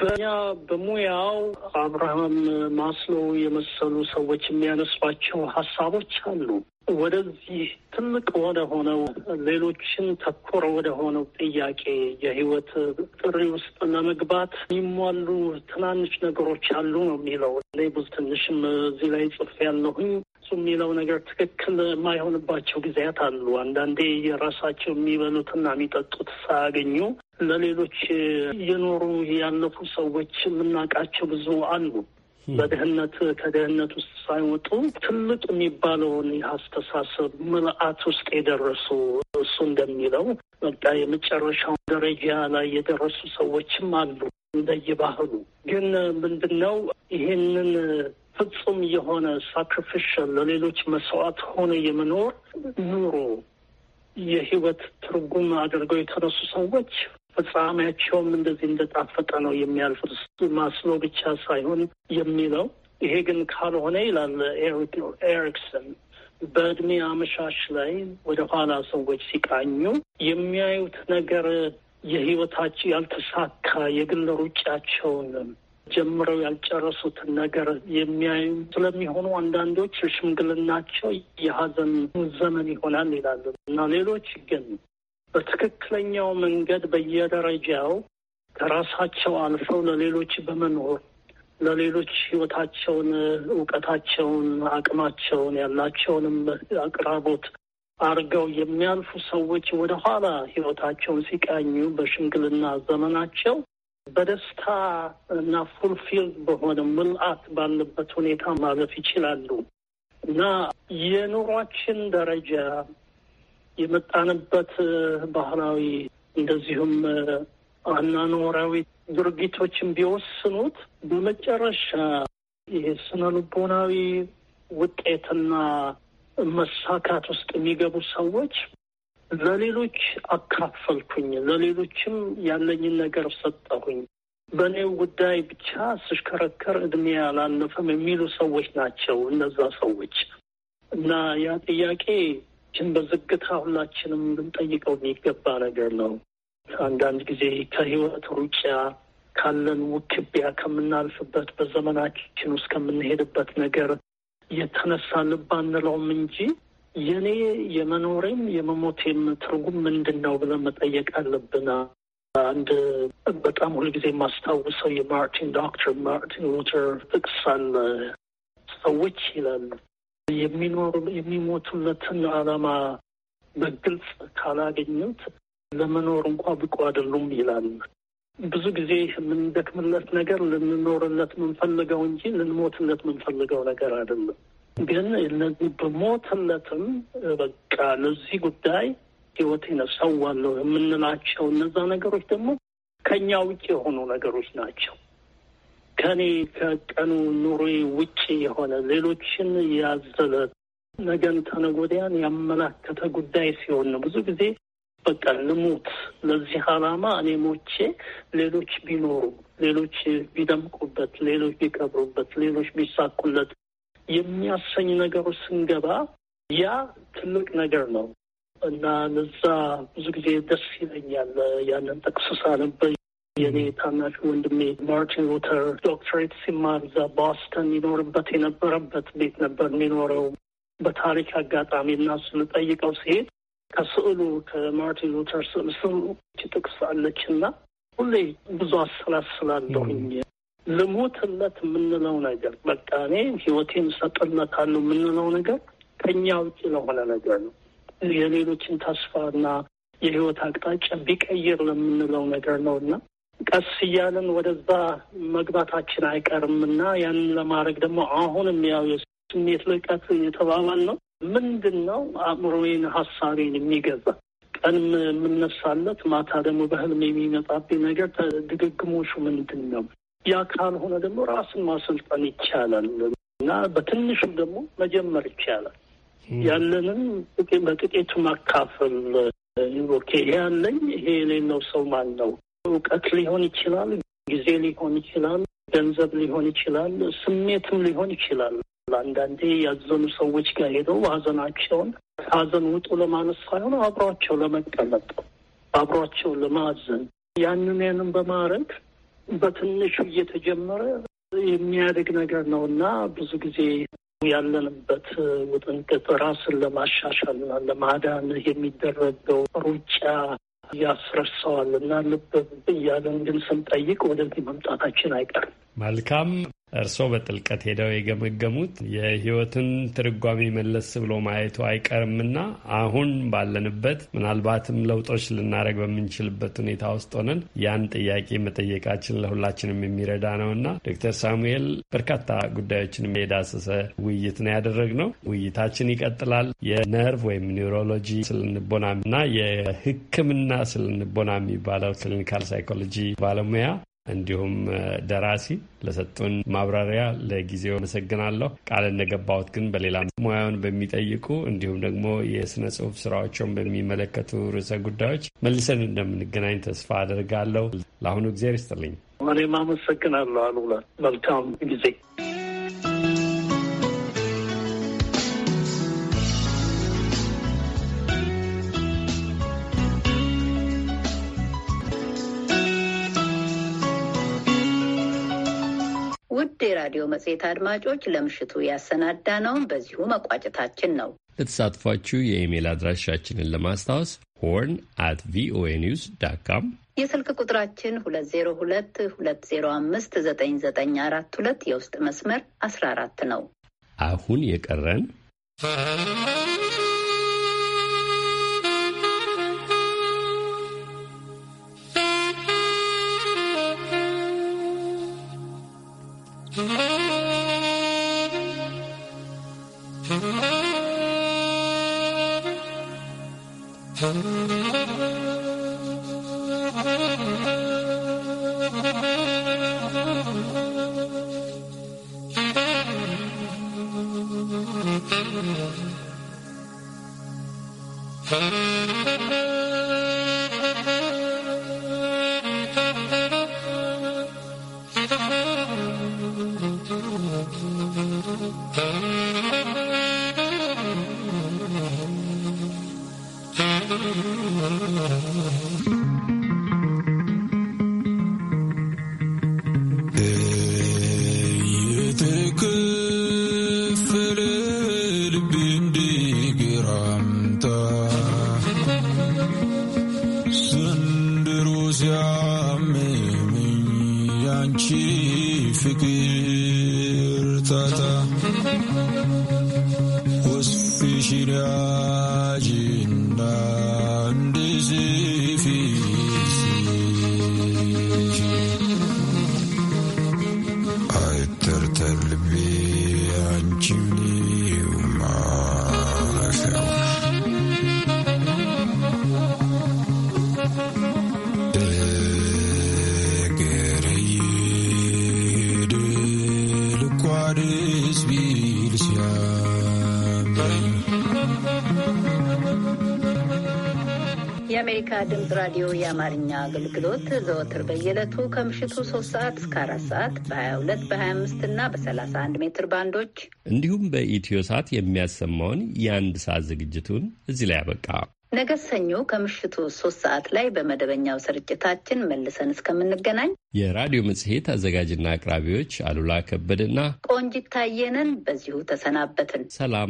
A: በኛ በሙያው አብርሃም ማስሎ የመሰሉ ሰዎች የሚያነሷቸው ሀሳቦች አሉ። ወደዚህ ትልቅ ወደ ሆነው ሌሎችን ተኮር ወደ ሆነው ጥያቄ የህይወት ጥሪ ውስጥ ለመግባት የሚሟሉ ትናንሽ ነገሮች አሉ ነው የሚለው። እኔ ብዙ ትንሽም እዚህ ላይ ጽፍ ያለሁኝ እሱ የሚለው ነገር ትክክል የማይሆንባቸው ጊዜያት አሉ። አንዳንዴ የራሳቸው የሚበሉትና የሚጠጡት ሳያገኙ ለሌሎች የኖሩ ያለፉ ሰዎች የምናውቃቸው ብዙ አሉ። በድህነት ከድህነት ውስጥ ሳይወጡ ትልቅ የሚባለውን አስተሳሰብ ምልአት ውስጥ የደረሱ እሱ እንደሚለው በቃ የመጨረሻው ደረጃ ላይ የደረሱ ሰዎችም አሉ እንደየባህሉ። ግን ምንድን ነው ይሄንን ፍጹም የሆነ ሳክሪፊሻል ለሌሎች መስዋዕት ሆነ የመኖር ኑሮ የህይወት ትርጉም አድርገው የተነሱ ሰዎች ፍጻሜያቸውም እንደዚህ እንደጣፈጠ ነው የሚያልፍስ ማስሎ ብቻ ሳይሆን የሚለው ይሄ ግን ካልሆነ ይላል ኤሪክሰን በእድሜ አመሻሽ ላይ ወደ ኋላ ሰዎች ሲቃኙ የሚያዩት ነገር የህይወታቸው ያልተሳካ የግል ሩጫቸውን ጀምረው ያልጨረሱትን ነገር የሚያዩ ስለሚሆኑ አንዳንዶች ሽምግልናቸው የሀዘን ዘመን ይሆናል ይላሉ እና ሌሎች ግን በትክክለኛው መንገድ በየደረጃው ከራሳቸው አልፈው ለሌሎች በመኖር ለሌሎች ህይወታቸውን እውቀታቸውን፣ አቅማቸውን ያላቸውንም አቅራቦት አድርገው የሚያልፉ ሰዎች ወደ ኋላ ሲቃኙ በሽምግልና ዘመናቸው በደስታ እና ፉልፊልድ በሆነ ምልአት ባለበት ሁኔታ ማለፍ ይችላሉ እና የኑሯችን ደረጃ የመጣንበት ባህላዊ እንደዚሁም አኗኗራዊ ድርጊቶችን ቢወስኑት በመጨረሻ ይህ ስነ ልቦናዊ ውጤትና መሳካት ውስጥ የሚገቡ ሰዎች ለሌሎች አካፈልኩኝ፣ ለሌሎችም ያለኝን ነገር ሰጠሁኝ፣ በእኔው ጉዳይ ብቻ ስሽከረከር እድሜ አላለፈም የሚሉ ሰዎች ናቸው እነዛ ሰዎች እና ያ ጥያቄ ችን በዝግታ ሁላችንም ልንጠይቀው የሚገባ ነገር ነው። አንዳንድ ጊዜ ከህይወት ሩጫ ካለን ውክቢያ ከምናልፍበት በዘመናችን ውስጥ ከምንሄድበት ነገር የተነሳ ልብ እንጂ የኔ የመኖሬም የመሞቴም ትርጉም ምንድን ነው ብለን መጠየቅ አለብን። አንድ በጣም ሁልጊዜ የማስታውሰው የማርቲን ዶክተር ማርቲን ሉተር ጥቅስ አለ። ሰዎች ይላሉ የሚኖሩ የሚሞቱለትን ዓላማ በግልጽ ካላገኙት ለመኖር እንኳ ብቁ አይደሉም ይላል። ብዙ ጊዜ የምንደክምለት ነገር ልንኖርለት የምንፈልገው እንጂ ልንሞትለት የምንፈልገው ነገር አይደለም። ግን እነዚህ በሞትለትም በቃ ለዚህ ጉዳይ ሕይወቴን እሰዋለሁ የምንላቸው እነዛ ነገሮች ደግሞ ከእኛ ውጭ የሆኑ ነገሮች ናቸው። ከኔ ከቀኑ ኑሮዬ ውጭ የሆነ ሌሎችን ያዘለ ነገን ተነጎዲያን ያመላከተ ጉዳይ ሲሆን ነው። ብዙ ጊዜ በቃ ልሙት፣ ለዚህ አላማ እኔ ሞቼ ሌሎች ቢኖሩ፣ ሌሎች ቢደምቁበት፣ ሌሎች ቢቀብሩበት፣ ሌሎች ቢሳኩለት የሚያሰኝ ነገሩ ስንገባ ያ ትልቅ ነገር ነው እና ለዛ ብዙ ጊዜ ደስ ይለኛል ያንን ጥቅስ ነበር የኔ ታናሽ ወንድሜ ማርቲን ሉተር ዶክትሬት ሲማር እዛ ቦስተን ይኖርበት የነበረበት ቤት ነበር የሚኖረው። በታሪክ አጋጣሚ እና እሱን ጠይቀው ሲሄድ ከስዕሉ ከማርቲን ሉተር ስዕል ስም ጥቅስ አለች እና ሁሌ ብዙ አሰላስላለሁኝ ልሞትለት የምንለው ነገር በቃ እኔ ህይወቴን ሰጥለታለሁ የምንለው ነገር ከኛ ውጭ ለሆነ ነገር ነው። የሌሎችን ተስፋና የህይወት አቅጣጫ ቢቀይር ለምንለው ነገር ነው እና ቀስ እያልን ወደዛ መግባታችን አይቀርም እና ያንን ለማድረግ ደግሞ አሁንም ያው የስሜት ልቀት የተባባል ነው። ምንድን ነው አእምሮዬን ሀሳቤን የሚገዛ ቀንም የምነሳለት ማታ ደግሞ በህልም የሚመጣብኝ ነገር ድግግሞሹ ምንድን ነው? ያ ካልሆነ ደግሞ ራስን ማሰልጠን ይቻላል እና በትንሹም ደግሞ መጀመር ይቻላል። ያለንን በጥቂቱ ማካፈል ኦኬ፣ ያለኝ ይሄ የሌለው ሰው ማን ነው እውቀት ሊሆን ይችላል፣ ጊዜ ሊሆን ይችላል፣ ገንዘብ ሊሆን ይችላል፣ ስሜትም ሊሆን ይችላል። አንዳንዴ ያዘኑ ሰዎች ጋር ሄደው ሀዘናቸውን ሀዘን ውጡ ለማለት ሳይሆን አብሯቸው ለመቀመጥ አብሯቸው ለማዘን ያንን ያንን በማድረግ በትንሹ እየተጀመረ የሚያድግ ነገር ነው እና ብዙ ጊዜ ያለንበት ውጥንቅጥ ራስን ለማሻሻልና ለማዳን የሚደረገው ሩጫ ያስረሳዋል እና ልብ እያለ ግን ስንጠይቅ ወደዚህ መምጣታችን አይቀርም።
C: መልካም እርስዎ በጥልቀት ሄደው የገመገሙት የህይወትን ትርጓሜ መለስ ብሎ ማየቱ አይቀርምና አሁን ባለንበት ምናልባትም ለውጦች ልናደርግ በምንችልበት ሁኔታ ውስጥ ሆነን ያን ጥያቄ መጠየቃችን ለሁላችንም የሚረዳ ነው እና ዶክተር ሳሙኤል በርካታ ጉዳዮችን የዳሰሰ ውይይት ነው ያደረግነው። ውይይታችን ይቀጥላል። የነርቭ ወይም ኒውሮሎጂ ስልንቦና እና የህክምና ስልንቦና የሚባለው ክሊኒካል ሳይኮሎጂ ባለሙያ እንዲሁም ደራሲ ለሰጡን ማብራሪያ ለጊዜው አመሰግናለሁ። ቃል እንደገባሁት ግን በሌላ ሙያውን በሚጠይቁ እንዲሁም ደግሞ የስነ ጽሁፍ ስራዎቸውን በሚመለከቱ ርዕሰ ጉዳዮች መልሰን እንደምንገናኝ ተስፋ አደርጋለሁ። ለአሁኑ እግዚአብሔር ይስጥልኝ።
A: እኔም አመሰግናለሁ አሉላ። መልካም ጊዜ
B: ውድ የራዲዮ መጽሔት አድማጮች ለምሽቱ ያሰናዳነውን በዚሁ መቋጨታችን ነው።
C: ለተሳትፏችሁ የኢሜል አድራሻችንን ለማስታወስ ሆርን አት ቪኦኤ ኒውስ ዳት ካም፣
B: የስልክ ቁጥራችን 2022059942 የውስጥ መስመር 14 ነው።
C: አሁን የቀረን
F: Mm-hmm.
B: የአማርኛ አገልግሎት ዘወትር በየዕለቱ ከምሽቱ ሶስት ሰዓት እስከ 4 ሰዓት በ22 በ25 እና በ31 ሜትር ባንዶች
C: እንዲሁም በኢትዮ ሰዓት የሚያሰማውን የአንድ ሰዓት ዝግጅቱን እዚህ ላይ ያበቃ።
B: ነገ ሰኞ ከምሽቱ ሶስት ሰዓት ላይ በመደበኛው ስርጭታችን መልሰን እስከምንገናኝ
C: የራዲዮ መጽሔት አዘጋጅና አቅራቢዎች አሉላ ከበድና
B: ቆንጅት ታየንን በዚሁ ተሰናበትን።
C: ሰላም።